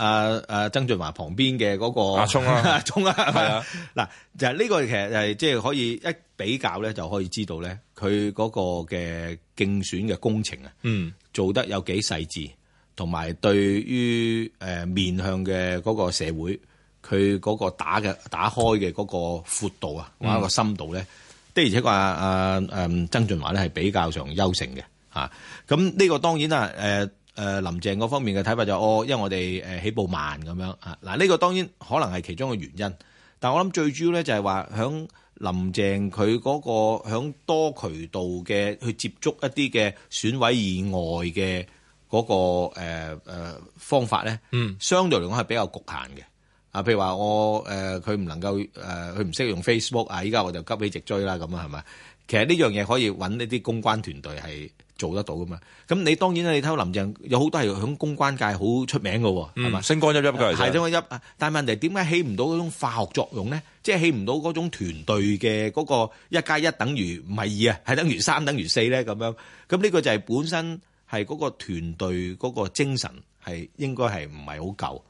啊啊！曾俊華旁邊嘅嗰個阿聰啊，啊，阿、啊、聰啊，係啊，嗱就係呢個其實係即係可以一比較咧，就可以知道咧，佢嗰個嘅競選嘅工程啊，嗯，做得有幾細緻，同、嗯、埋對於誒面向嘅嗰個社會，佢嗰個打嘅打開嘅嗰個闊度啊，或、嗯、者、個深度咧、嗯，的而且確誒、啊啊、曾俊華咧係比較上優勝嘅啊，咁呢個當然啦誒。啊。誒、呃、林鄭嗰方面嘅睇法就係、哦，因為我哋起步慢咁樣啊，嗱、這、呢個當然可能係其中嘅原因，但我諗最主要咧就係話，響林鄭佢嗰、嗰個響多渠道嘅去接觸一啲嘅選委以外嘅嗰、嗰個、呃、方法咧，嗯，相對嚟講係比較局限嘅啊，譬如話我佢唔、呃、能夠佢唔識用 Facebook 啊，依家我就急起直追啦，咁啊係咪？其實呢樣嘢可以搵呢啲公關團隊係。做得到噶嘛？咁你當然你睇林鄭有好多係喺公關界好出名噶喎，係嘛？星光熠熠噶，係星光熠啊！但係問題點解起唔到嗰種化學作用咧？即係起唔到嗰種團隊嘅嗰個一加一等於唔係二啊，係等於三，等於四咧咁樣。咁呢個就係本身係嗰個團隊嗰個精神係應該係唔係好夠。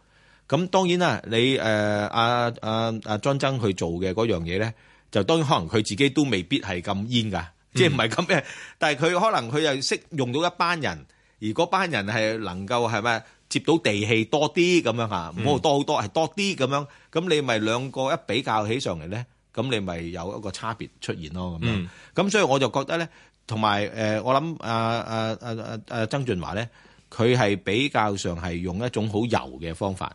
咁當然啦，你誒阿阿阿張曾去做嘅嗰樣嘢咧，就當然可能佢自己都未必係咁煙噶。.即係唔係咁嘅，但係佢可能佢又識用到一班人，而嗰班人係能夠係咪接到地氣多啲咁樣吓，唔好多好多，係多啲咁樣，咁你咪兩個一比較起上嚟咧，咁你咪有一個差別出現咯咁樣。咁所以我就覺得咧，同埋誒，我諗阿阿阿阿阿曾俊華咧，佢係比較上係用一種好柔嘅方法。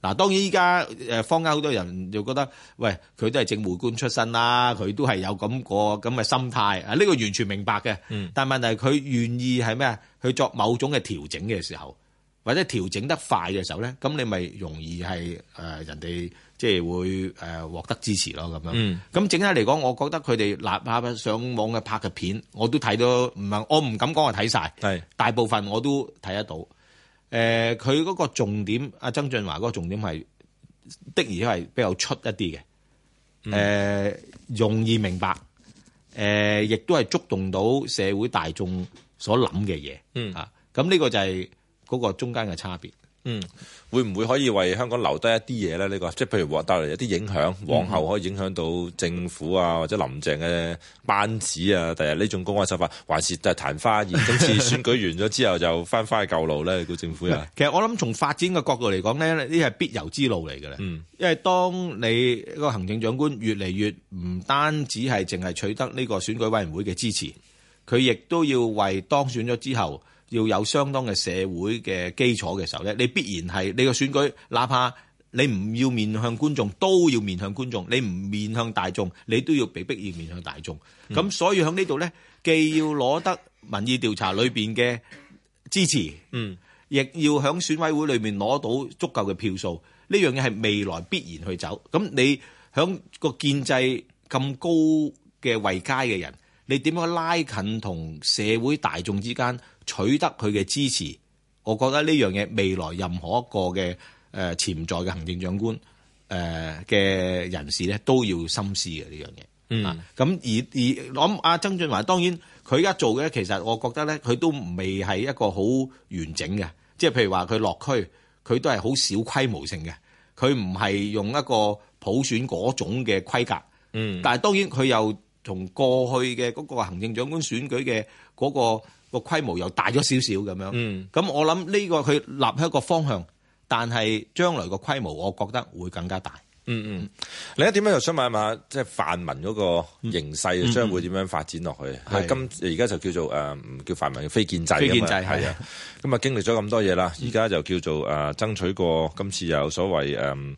嗱，當然依家誒坊間好多人就覺得，喂，佢都係政務官出身啦，佢都係有咁個咁嘅心態，啊，呢個完全明白嘅、嗯。但問題係佢願意係咩？去作某種嘅調整嘅時候，或者調整得快嘅時候咧，咁你咪容易係誒、呃、人哋即係會誒、呃、獲得支持咯咁樣。咁整體嚟講，我覺得佢哋立下上網嘅拍嘅片，我都睇到，唔係我唔敢講我睇曬，大部分我都睇得到。誒、呃，佢嗰個重點，阿曾俊華嗰個重點係的，而且係比較出一啲嘅，誒、呃、容易明白，誒、呃、亦都係觸動到社會大眾所諗嘅嘢啊。咁呢個就係嗰個中間嘅差別。嗯，會唔會可以為香港留低一啲嘢呢？呢個即係譬如話帶嚟一啲影響，往後可以影響到政府啊，或者林鄭嘅班子啊，第日呢種公安手法還是曇花一現，今 次選舉完咗之後就翻翻去舊路呢。個政府又，其實我諗從發展嘅角度嚟講呢，呢係必由之路嚟嘅啦。嗯，因為當你個行政長官越嚟越唔單止係淨係取得呢個選舉委員會嘅支持，佢亦都要為當選咗之後。要有相當嘅社會嘅基礎嘅時候咧，你必然係你個選舉，哪怕你唔要面向觀眾，都要面向觀眾。你唔面向大眾，你都要被逼要面向大眾。咁所以喺呢度咧，既要攞得民意調查裏邊嘅支持，嗯，亦要喺選委會裏面攞到足夠嘅票數，呢樣嘢係未來必然去走。咁你喺個建制咁高嘅位階嘅人。你點樣拉近同社會大眾之間，取得佢嘅支持？我覺得呢樣嘢未來任何一個嘅誒潛在嘅行政長官呃嘅人士咧，都要深思嘅呢樣嘢。嗯，咁而而諗阿曾俊華，當然佢而家做嘅其實我覺得咧，佢都未係一個好完整嘅，即係譬如話佢落區，佢都係好小規模性嘅，佢唔係用一個普選嗰種嘅規格。嗯，但係當然佢又同過去嘅嗰個行政長官選舉嘅嗰、嗰個、嗰個規模又大咗少少咁樣，咁、嗯、我諗呢個佢立喺一個方向，但係將來個規模，我覺得會更加大。嗯嗯，另一點咧，就想問下，即係泛民嗰個形勢將會點樣發展落去？係、嗯嗯、今而家就叫做誒唔、呃、叫泛民嘅非建制，非建制係啊。咁啊， 經歷咗咁多嘢啦，而家就叫做誒、呃、爭取過今次又有所謂誒。呃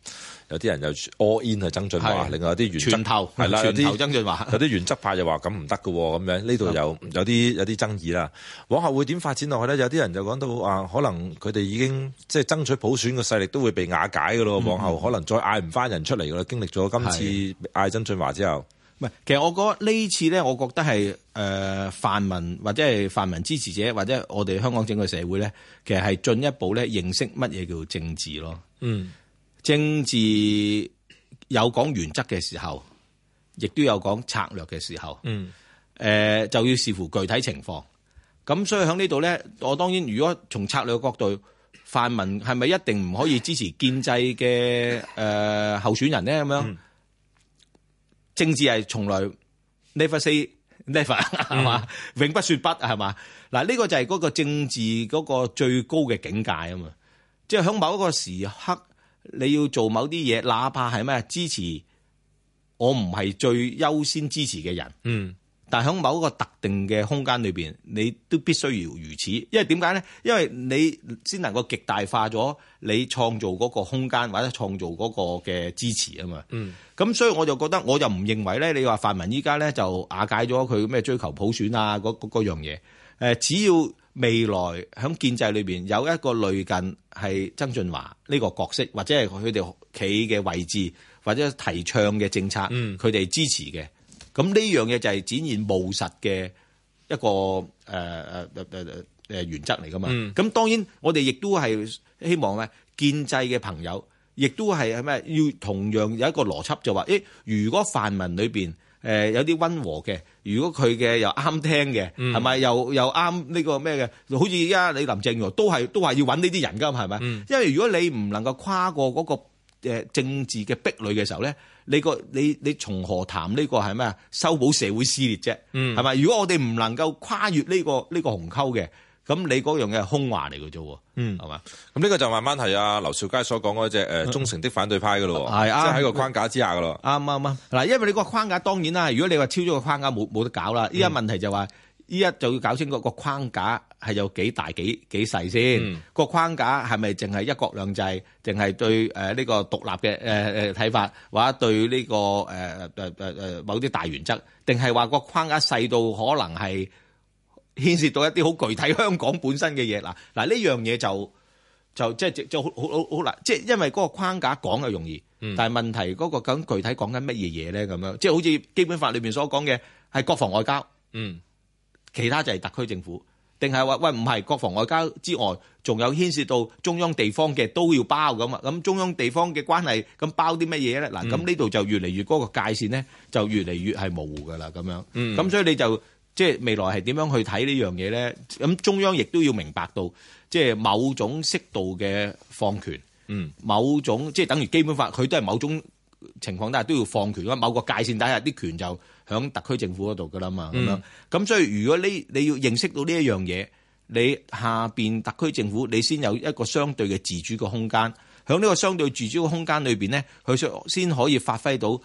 有啲人又 all in 係曾俊華，另外有啲原則，係啦，有啲曾俊華有啲原則派又話咁唔得嘅喎，咁樣呢度有 有啲有啲爭議啦。往後會點發展落去咧？有啲人就講到啊可能佢哋已經即係、就是、爭取普選嘅勢力都會被瓦解㗎咯、嗯。往後可能再嗌唔翻人出嚟㗎咯。經歷咗今次嗌曾俊華之後，唔係，其實我覺得呢次咧，我覺得係誒、呃、泛民或者係泛民支持者或者我哋香港整個社會咧，其實係進一步咧認識乜嘢叫政治咯。嗯。政治有講原則嘅時候，亦都有講策略嘅時候。嗯，誒、呃，就要視乎具體情況。咁所以響呢度咧，我當然如果從策略嘅角度，泛民係咪一定唔可以支持建制嘅誒、呃、候選人咧？咁樣、嗯、政治係從來 never say never 係、嗯、嘛， 永不說不係嘛嗱？呢、呢個就係個政治個最高嘅境界啊嘛，即係響某一個時刻。你要做某啲嘢，哪怕係咩支持我唔係最優先支持嘅人，嗯，但係喺某一個特定嘅空間裏邊，你都必須要如此，因為點解咧？因為你先能夠極大化咗你創造嗰個空間或者創造嗰個嘅支持啊嘛，嗯，咁所以我就覺得，我就唔認為咧，你話泛民依家咧就瓦解咗佢咩追求普選啊，嗰嗰樣嘢，誒，只要。未來喺建制裏邊有一個類近係曾俊華呢個角色，或者係佢哋企嘅位置，或者提倡嘅政策，嗯、佢哋支持嘅。咁呢樣嘢就係展現務實嘅一個誒誒誒誒誒原則嚟噶嘛。咁、嗯、當然我哋亦都係希望咧，建制嘅朋友亦都係咩，要同樣有一個邏輯，就話、是、誒，如果泛民裏邊。誒、呃、有啲溫和嘅，如果佢嘅又啱聽嘅，係、嗯、咪又又啱呢個咩嘅？好似而家你林鄭月娥都係都係要搵呢啲人㗎，係咪？嗯、因為如果你唔能夠跨過嗰個誒政治嘅壁壘嘅時候咧，你個你你從何談呢個係咩啊？修補社會撕裂啫，係咪？嗯、如果我哋唔能夠跨越呢、呢個呢、呢個鴻溝嘅。咁你嗰樣嘢係空話嚟嘅啫，嗯，係嘛？咁呢個就慢慢係阿劉兆佳所講嗰隻誒忠誠的反對派嘅咯，係、嗯、啊，即係喺個框架之下嘅咯，啱啱啱，嗱，因為你個框架當然啦，如果你話超咗個框架，冇冇得搞啦。依家問題就話，依、嗯、家就要搞清嗰個框架係有幾大幾幾細先，個、嗯、框架係咪淨係一國兩制，淨係對誒呢、呃這個獨立嘅誒誒睇法，或者對呢、這個誒誒誒誒某啲大原則，定係話個框架細到可能係？牽涉到一啲好具體香港本身嘅嘢，嗱嗱呢樣嘢就就即係就好好好難，即係因為嗰個框架講又容易，但係問題嗰個咁具體講緊乜嘢嘢咧？咁樣即係好似基本法裏面所講嘅係國防外交，嗯，其他就係特區政府，定係話喂唔係國防外交之外，仲有牽涉到中央地方嘅都要包咁啊？咁中央地方嘅關係咁包啲乜嘢咧？嗱，咁呢度就越嚟越嗰個界線咧，就越嚟越係模糊噶啦，咁樣，咁所以你就。即係未來係點樣去睇呢樣嘢咧？咁中央亦都要明白到，即係某種適度嘅放權，嗯，某種即係等於基本法，佢都係某種情況底下都要放權咯。因為某個界線底下啲權就喺特區政府嗰度噶啦嘛，咁、嗯、樣。咁所以如果呢，你要認識到呢一樣嘢，你下邊特區政府你先有一個相對嘅自主嘅空間，喺呢個相對自主嘅空間裏邊咧，佢先先可以發揮到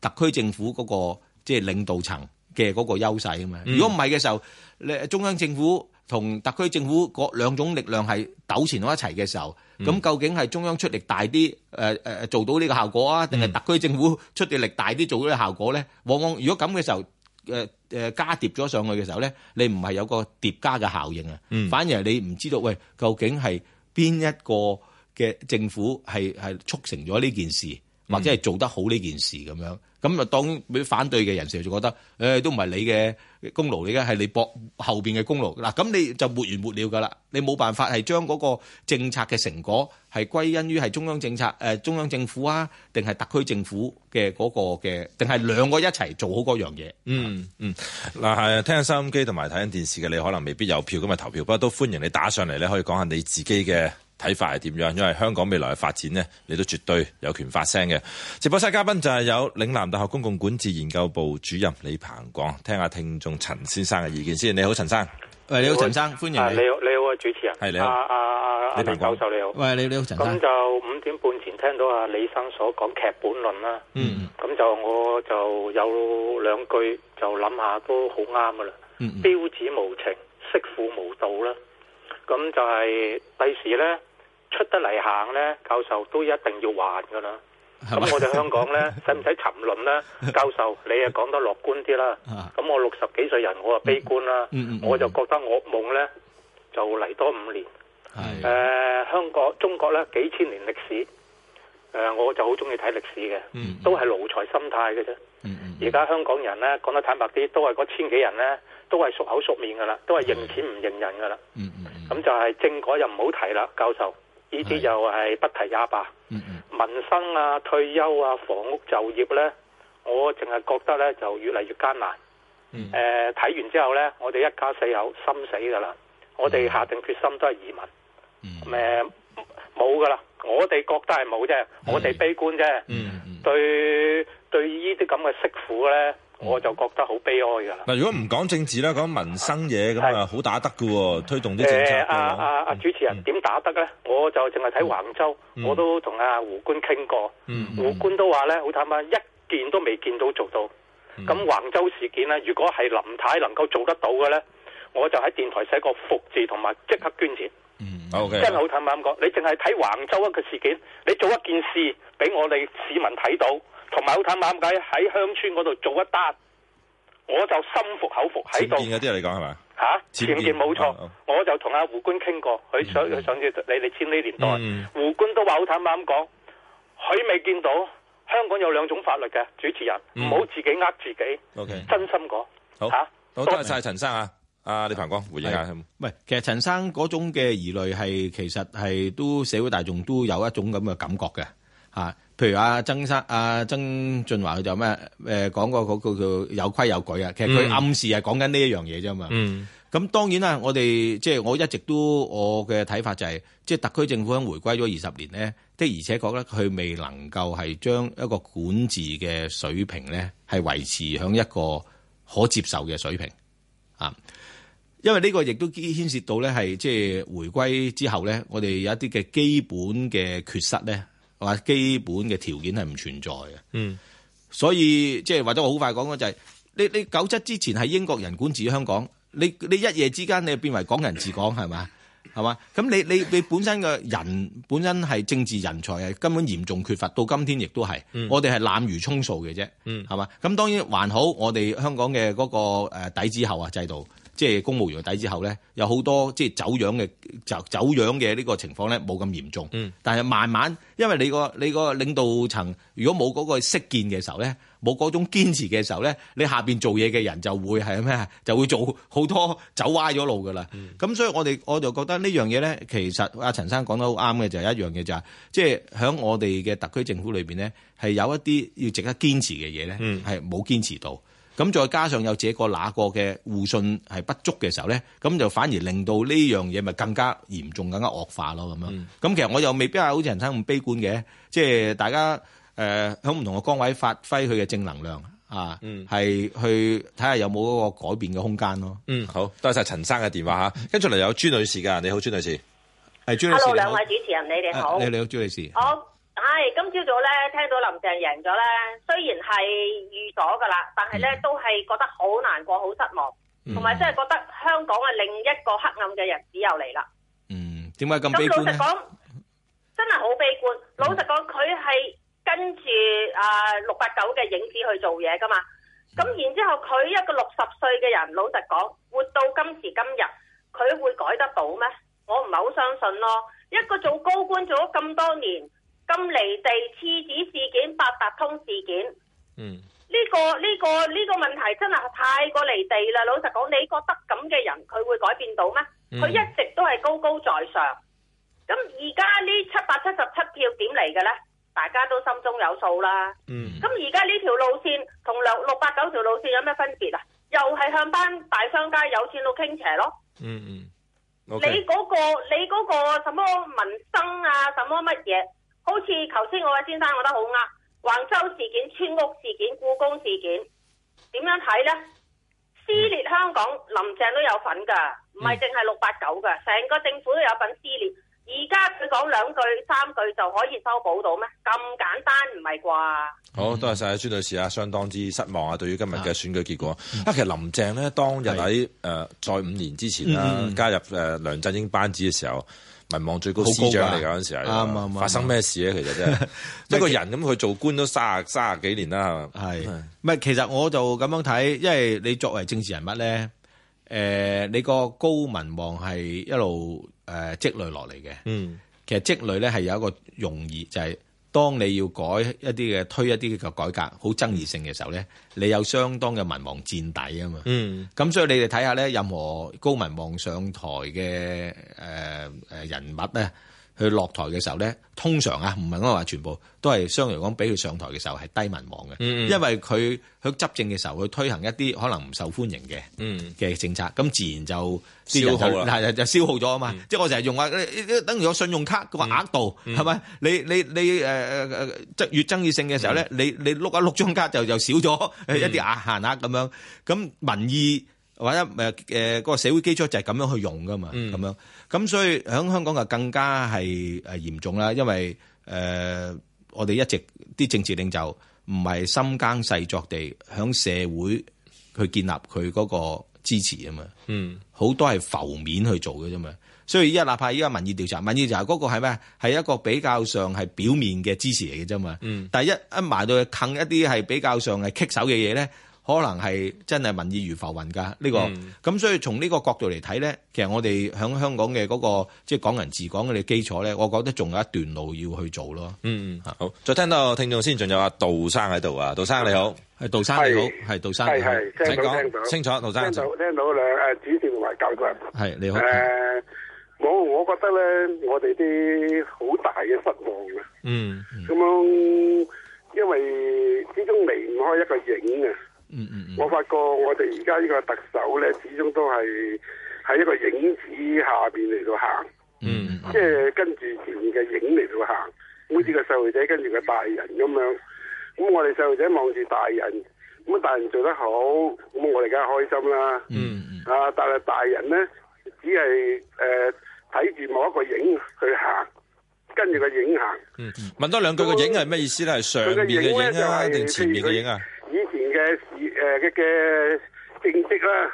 特區政府嗰個即係領導層嘅嗰個優勢啊嘛，如果唔係嘅時候，你中央政府同特區政府嗰兩種力量係糾纏到一齊嘅時候，咁究竟係中央出力大啲，誒誒做到呢個效果啊，定係特區政府出力力大啲做到呢個效果咧？往往如果咁嘅時候，誒誒加疊咗上去嘅時候咧，你唔係有個疊加嘅效應啊，反而你唔知道喂，究竟係邊一個嘅政府係係促成咗呢件事？或者係做得好呢件事咁樣，咁咪當你反對嘅人士就覺得，誒、欸、都唔係你嘅功勞，你嘅係你博後邊嘅功勞嗱。咁你就沒完沒了㗎喇，你冇辦法係將嗰個政策嘅成果係歸因於係中央政策誒中央政府啊，定係特區政府嘅嗰、那個嘅，定係兩個一齊做好嗰樣嘢。嗯嗯，嗱、嗯、係聽下收音機同埋睇緊電視嘅，你可能未必有票咁咪投票，不過都歡迎你打上嚟咧，你可以講下你自己嘅。睇法係點樣？因為香港未來嘅發展呢，你都絕對有權發聲嘅。直播室嘉賓就係有嶺南大學公共管治研究部主任李彭廣，聽下聽眾陳先生嘅意見先。你好，陳生。喂，你好，陳生，歡迎你、啊。你好，你好啊，主持人。係你好。阿阿阿李教授你好。喂，你你好陳生。咁就五點半前聽到阿李生所講劇本論啦。嗯，嗯。咁就我就有兩句就諗下都好啱噶啦。嗯，嗯。標子無情，色富無道啦。咁就係第時咧。出得嚟行呢，教授都一定要還噶啦。咁我哋香港呢，使唔使沉淪呢？ 教授，你啊講得樂觀啲啦。咁 我六十幾歲人，我啊悲觀啦、嗯嗯嗯。我就覺得惡夢呢，就嚟多五年。誒、啊，香、呃、港、中國呢，幾千年歷史，呃、我就好中意睇歷史嘅，都係奴才心態嘅啫。而、嗯、家、嗯、香港人呢，講得坦白啲，都係嗰千幾人呢，都係熟口熟面噶啦，都係認錢唔認人噶啦。咁、嗯嗯、就係政改又唔好提啦，教授。呢啲又係不提也罷、嗯嗯，民生啊、退休啊、房屋、就業呢，我淨係覺得呢就越嚟越艱難。誒、嗯、睇、呃、完之後呢，我哋一家四口心死㗎喇，我哋下定決心都係移民。誒冇㗎喇，我哋覺得係冇啫，我哋悲觀啫、嗯嗯嗯。對對，呢啲咁嘅息苦呢。我就覺得好悲哀㗎。嗱，如果唔講政治啦，講民生嘢咁啊，好打得㗎喎，推動啲政策。誒、呃，阿、啊啊、主持人點、嗯、打得咧？我就淨係睇橫州，嗯、我都同阿胡官傾過、嗯嗯，胡官都話咧，好坦白，一件都未見到做到。咁、嗯、橫州事件咧，如果係林太能夠做得到嘅咧，我就喺電台寫個「服」字，同埋即刻捐錢。嗯，OK。真係好坦白咁講，你淨係睇橫州一個事件，你做一件事俾我哋市民睇到。同埋好坦白咁解，喺鄉村嗰度做一單，我就心服口服喺度。前言嗰啲你講係咪吓？嚇、啊，前言冇錯、哦，我就同阿胡官傾過，佢想想知你哋千呢年代、嗯，胡官都話好坦白咁講，佢未見到香港有兩種法律嘅主持人，唔、嗯、好自己呃自己。O、okay, K，真心講好嚇、啊。多謝曬陳生啊，阿李彭廣回應下。唔係，其實陳生嗰種嘅疑慮係其實係都社會大眾都有一種咁嘅感覺嘅譬如阿曾生、啊曾俊華佢就咩？誒，講個嗰句叫有規有矩啊、嗯！其實佢暗示係講緊呢一樣嘢啫嘛。咁、嗯、當然啦，我哋即係我一直都我嘅睇法就係、是，即係特區政府喺回歸咗二十年咧，的而且確咧佢未能夠係將一個管治嘅水平咧係維持響一個可接受嘅水平啊。因為呢個亦都牽涉到咧係即係回歸之後咧，我哋有一啲嘅基本嘅缺失咧。基本嘅條件係唔存在嘅，嗯，所以即係話咗我好快講嘅就係、是，你你九七之前係英國人管治香港，你你一夜之間你變為港人治港係嘛，係嘛，咁你你你本身嘅人本身係政治人才係根本嚴重缺乏，到今天亦都係，我哋係濫竽充數嘅啫，係、嗯、嘛，咁當然還好，我哋香港嘅嗰個誒底子厚啊制度。即係公務員底之後咧，有好多即係走樣嘅，就走樣嘅呢個情況咧，冇咁嚴重。嗯，但係慢慢，因為你個你個領導層如果冇嗰個識見嘅時候咧，冇嗰種堅持嘅時候咧，你下面做嘢嘅人就會係咩啊？就會做好多走歪咗路噶啦。咁、嗯、所以我，我哋我就覺得呢樣嘢咧，其實阿陳生講得好啱嘅就係一樣嘢，就係即係喺我哋嘅特區政府裏面咧，係有一啲要值得堅持嘅嘢咧，係冇堅持到。咁再加上有這個那個嘅互信係不足嘅時候咧，咁就反而令到呢樣嘢咪更加嚴重、更加惡化咯咁樣。咁其實我又未必係好似人睇咁悲觀嘅，即係大家誒喺唔同嘅崗位發揮佢嘅正能量啊，係、嗯、去睇下有冇嗰個改變嘅空間咯。嗯，好，多謝陳生嘅電話嚇，跟住嚟有朱女士㗎。你好，朱女士，係朱女士。哈，兩位主持人，你哋好。你好，你好，朱女士。好唉、哎，今朝早咧，聽到林鄭贏咗咧，雖然係預咗噶啦，但係咧都係覺得好難過、好失望，同埋真係覺得香港嘅另一個黑暗嘅日子又嚟啦。嗯，點解咁？咁老實講，真係好悲觀。老實講，佢係跟住啊六八九嘅影子去做嘢噶嘛。咁然之後，佢一個六十歲嘅人，老實講，活到今時今日，佢會改得到咩？我唔係好相信咯。一個做高官做咗咁多年。咁離地廁紙事件、八達通事件，嗯、這個，呢、這個呢個呢個問題真係太過離地啦！老實講，你覺得咁嘅人佢會改變到咩？佢、嗯、一直都係高高在上。咁而家呢七百七十七票點嚟嘅呢？大家都心中有數啦。嗯。咁而家呢條路線同六六百九條路線有咩分別啊？又係向班大商家有錢佬傾斜咯。嗯嗯。Okay. 你嗰，那個你嗰個什麼民生啊？什麼乜嘢？好似頭先我位先生我覺得好呃。橫州事件、村屋事件、故宮事件，點樣睇咧？撕裂香港，嗯、林鄭都有份噶，唔係淨係六八九嘅，成、嗯、個政府都有份撕裂。而家佢講兩句、三句就可以修補到咩？咁簡單唔係啩？好多謝晒朱女士啊，相當之失望啊！對於今日嘅選舉結果啊、嗯，其實林鄭咧當日喺誒、呃、在五年之前啦、嗯，加入誒梁振英班子嘅時候。民望最高司長嚟噶嗰時係，啱啱發生咩事咧？其實真係 一個人咁佢做官都三十三十幾年啦。係，唔係其實我就咁樣睇，因為你作為政治人物咧，誒、呃，你個高民望係一路誒積、呃、累落嚟嘅。嗯，其實積累咧係有一個容易，就係、是。當你要改一啲嘅推一啲嘅改革，好爭議性嘅時候咧，你有相當嘅民望墊底啊嘛。咁、嗯、所以你哋睇下咧，任何高民望上台嘅誒、呃、人物咧。佢落台嘅時候咧，通常啊，唔係我話全部都係相對嚟講，俾佢上台嘅時候係低民望嘅，因為佢佢執政嘅時候，佢推行一啲可能唔受歡迎嘅嘅政策，咁自然就消耗啦，係啊，就消耗咗啊嘛。即係我成日用話，等於個信用卡嘅話額度，係咪？你你你誒誒誒，越爭議性嘅時候咧，你你碌一碌張卡就就少咗一啲額限額咁樣，咁民意。或者誒誒個社會基礎就係咁樣去用噶嘛，咁、嗯、樣咁所以喺香港就更加係誒嚴重啦，因為誒、呃、我哋一直啲政治領袖唔係心耕細作地喺社會去建立佢嗰個支持啊嘛，好、嗯、多係浮面去做嘅啫嘛，所以依家哪怕依家民意調查，民意就查嗰個係咩？係一個比較上係表面嘅支持嚟嘅啫嘛，但係一一埋到去近一啲係比較上係棘手嘅嘢咧。可能係真係民意如浮雲噶呢個，咁所以從呢個角度嚟睇咧，其實我哋響香港嘅嗰個即係港人治港嘅基礎咧，我覺得仲有一段路要去做咯。嗯，好，再聽到聽眾先，仲有阿杜生喺度啊，杜生你好，係杜生你好，係杜生你好，清楚聽到，清楚杜生。聽到聽到啦，誒，主持同埋教官，係你好。誒，我我覺得咧，我哋啲好大嘅失望啊。嗯，咁樣因為始終離唔開一個影啊。嗯嗯，我發覺我哋而家呢個特首咧，始終都係喺一個影子下邊嚟到行，嗯，即係跟住前面嘅影嚟到行，好似個細路仔跟住個大人咁樣，咁我哋細路仔望住大人，咁大人做得好，咁我哋梗係開心啦，嗯嗯，啊，但係大人咧，只係誒睇住某一個影去行，跟住個影行，嗯，嗯，問多兩句個影係咩意思咧？係上面嘅影啊，定前面嘅影啊？以前嘅事誒嘅嘅政績啦、啊，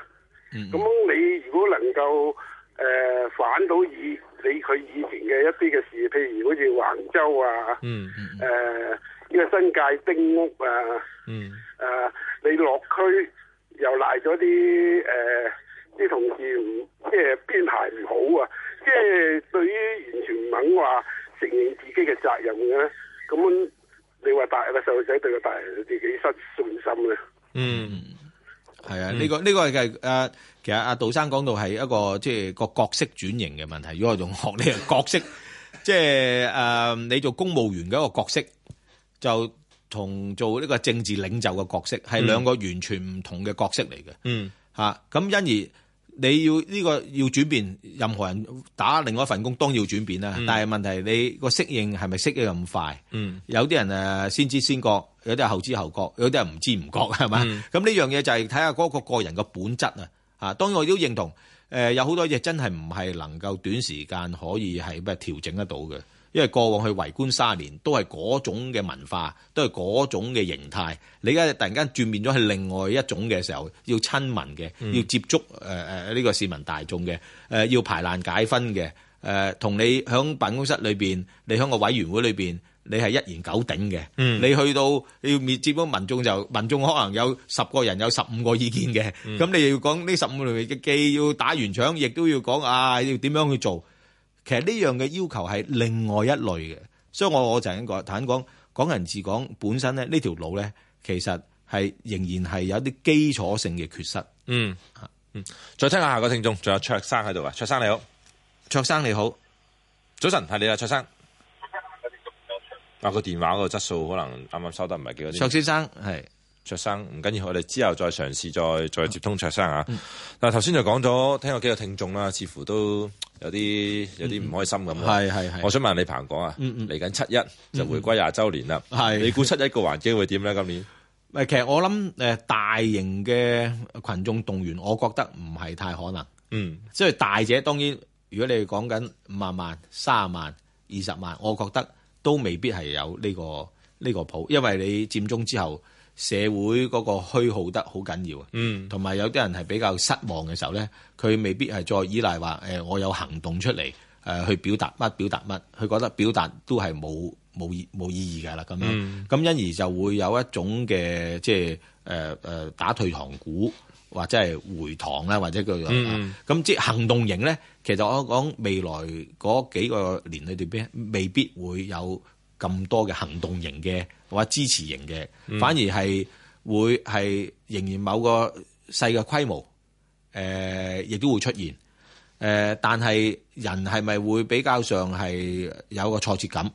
咁、嗯、你如果能夠誒反、呃、到以你佢以前嘅一啲嘅事，譬如好似橫州啊，誒、嗯、呢、嗯呃這個新界丁屋啊，誒、嗯呃、你落區又賴咗啲誒啲同事唔即係編排唔好啊，即、就、係、是、對於完全唔肯話承認自己嘅責任嘅、啊、咁。你話大人個細路仔對個大人自己失信心咧？嗯，係啊，呢個呢個係誒，其實阿杜生講到係一個即係個角色轉型嘅問題，如果我用學呢個角色，即係誒，你做公務員嘅一個角色，就同做呢個政治領袖嘅角色係兩個完全唔同嘅角色嚟嘅。嗯，吓咁因而。你要呢個要轉變，任何人打另外一份工，當然要轉變啦。嗯、但係問題是你個適應係咪適應咁快？嗯、有啲人先知先覺，有啲後知後覺，有啲人唔知唔覺係嘛？咁呢、嗯、樣嘢就係睇下嗰個個人個本質啊！嚇，當然我都認同誒，有好多嘢真係唔係能夠短時間可以係咩調整得到嘅。因為過往去圍觀卅年都係嗰種嘅文化，都係嗰種嘅形態。你而家突然間轉變咗去另外一種嘅時候，要親民嘅，要接觸誒誒呢個市民大眾嘅，誒要排難解紛嘅，誒同你喺辦公室裏邊，你喺個委員會裏邊，你係一言九鼎嘅。嗯，你去到你要面接嗰民眾就，民眾可能有十個人有十五個意見嘅，咁你又要講呢十五個意見既要打圓場，亦都要講啊要點樣去做。其實呢樣嘅要求係另外一類嘅，所以我我就咁講，坦講，港人治港本身咧，呢條路咧，其實係仍然係有啲基礎性嘅缺失。嗯，嗯，再聽，聽下下個聽眾，仲有卓生喺度啊。卓生你好，卓生你好，早晨係你啊，卓生，個電話嗰個質素可能啱啱收得唔係幾好。卓先生係。卓生唔緊要，我哋之後再嘗試再，再再接通卓生啊。嗱、嗯，頭先就講咗，聽有幾個聽眾啦，似乎都有啲有啲唔開心咁。係係係。我想問李彭廣啊，嚟、嗯、緊七一就回歸廿週年啦。係、嗯嗯、你估七一個環境會點咧？今年咪其實我諗誒大型嘅群眾動員，我覺得唔係太可能。嗯，即、就、係、是、大者當然，如果你係講緊五萬萬、三啊萬、二十萬，我覺得都未必係有呢、這個呢、這個譜，因為你佔中之後。社會嗰個虛耗得好緊要啊，同、嗯、埋有啲人係比較失望嘅時候咧，佢未必係再依賴話我有行動出嚟、呃、去表達乜表達乜，佢覺得表達都係冇冇冇意義㗎啦咁樣，咁、嗯、因而就會有一種嘅即係誒、呃、打退堂鼓或者係回堂啦，或者叫做咁、嗯、即行動型咧。其實我講未來嗰幾個年裏邊，未必會有。咁多嘅行動型嘅或者支持型嘅，嗯、反而係會係仍然某個細嘅規模，誒、呃、亦都會出現。誒、呃，但係人係咪會比較上係有個挫折感？呢、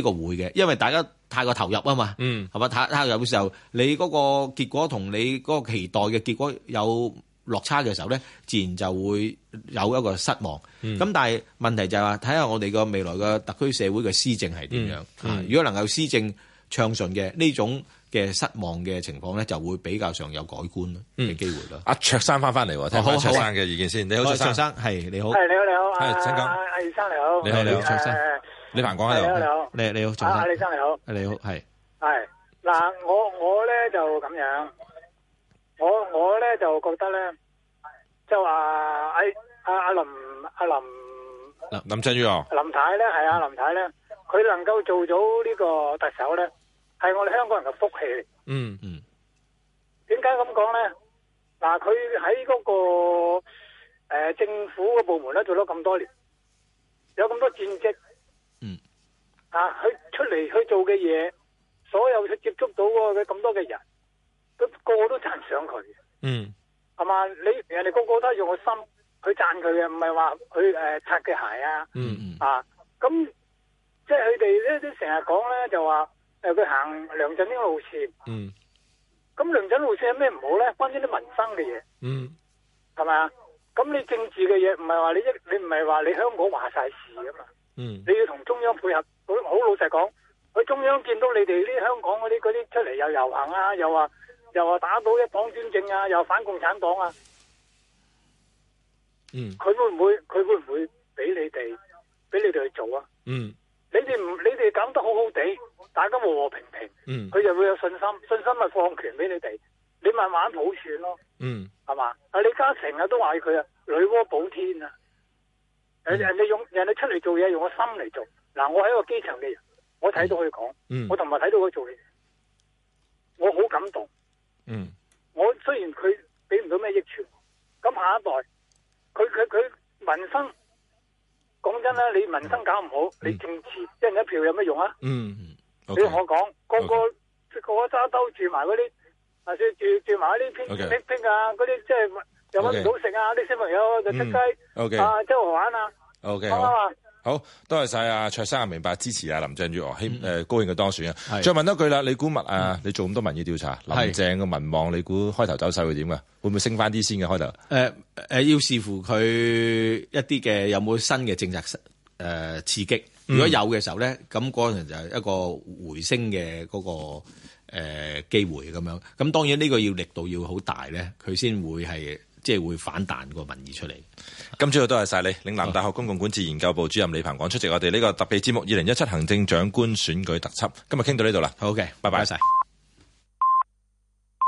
這個會嘅，因為大家太過投入啊嘛，係、嗯、咪？太投入嘅時候，你嗰個結果同你嗰個期待嘅結果有落差嘅時候咧，自然就會有一個失望。咁、嗯、但係問題就係、是、話，睇下我哋個未來嘅特區社會嘅施政係點樣、嗯嗯。如果能夠施政暢順嘅，呢種嘅失望嘅情況咧，就會比較上有改觀嘅機會咯。阿、嗯啊、卓生翻翻嚟，聽卓生嘅意見先、哦。你好，卓生係，你好。係，你好，你好。係，請講。阿阿葉生你好。你好，你好卓生。李彭廣喺度。你好，你好卓生。李生你好。你好係。係嗱、啊啊啊啊啊啊，我我咧就咁樣。我我咧就覺得咧，就話阿阿阿林阿林林鄭月娥啊林太咧係阿林太咧，佢能夠做到呢個特首咧，係我哋香港人嘅福氣嚟。嗯嗯，點解咁講咧？嗱、那個，佢喺嗰個誒政府嘅部門咧做咗咁多年，有咁多戰績。嗯，啊，佢出嚟去做嘅嘢，所有佢接觸到嘅咁多嘅人。個個都讚賞佢，嗯，係嘛？你人哋個個都係用個心去讚佢嘅，唔係話去誒擦佢鞋啊，嗯嗯，啊，咁即係佢哋咧，都成日講咧，就話誒佢行梁振英路線，嗯，咁梁振英路線有咩唔好咧？關於啲民生嘅嘢，嗯，係咪啊？咁你政治嘅嘢唔係話你一，你唔係話你香港話晒事㗎嘛，嗯，你要同中央配合，我好老實講，佢中央見到你哋啲香港嗰啲嗰啲出嚟又游行啊，又話。又話打倒一黨專政啊，又反共產黨啊，嗯，佢會唔會佢會唔會俾你哋俾你哋去做啊？嗯，你哋唔你哋搞得好好地，大家和和平平，嗯，佢就會有信心，信心咪放權俾你哋，你慢慢普選咯，嗯，係嘛？阿李嘉誠啊都話佢啊女媧補天啊，嗯、人家人哋用人哋出嚟做嘢，用個心嚟做，嗱我係一個基層嘅人，我睇到佢講、嗯，我同埋睇到佢做嘢，我好感動。嗯，我雖然佢俾唔到咩益處，咁下一代佢佢佢民生講真啦，你民生搞唔好，嗯，你政治一人一票有咩用啊？嗯，okay, 你同我講個 okay, 個個個沙兜住埋嗰啲，啊，即住 okay, 住埋嗰啲邊邊啊，嗰啲即係又搵唔到食啊，啲小朋友就出街，嗯 okay, 啊，周、okay, 圍玩啊，啱唔啱啊？Okay, okay. 好，多謝晒阿卓生啊，明白支持啊，林鄭月娥，誒、嗯、高興佢當選啊。再問多句啦，你估密啊，你做咁多民意調查，林鄭個民望，你估開頭走勢會點啊？會唔會升翻啲先嘅開頭？誒、呃、誒、呃，要視乎佢一啲嘅有冇新嘅政策誒、呃、刺激、嗯，如果有嘅時候咧，咁嗰陣就係一個回升嘅嗰、那個誒機、呃、會咁樣。咁當然呢個要力度要好大咧，佢先會係。即係會反彈個民意出嚟。今朝都多謝晒你，嶺南大學公共管治研究部主任李彭廣出席我哋呢個特別節目《二零一七行政長官選舉特輯》。今日傾到呢度啦。好嘅，拜拜。多謝。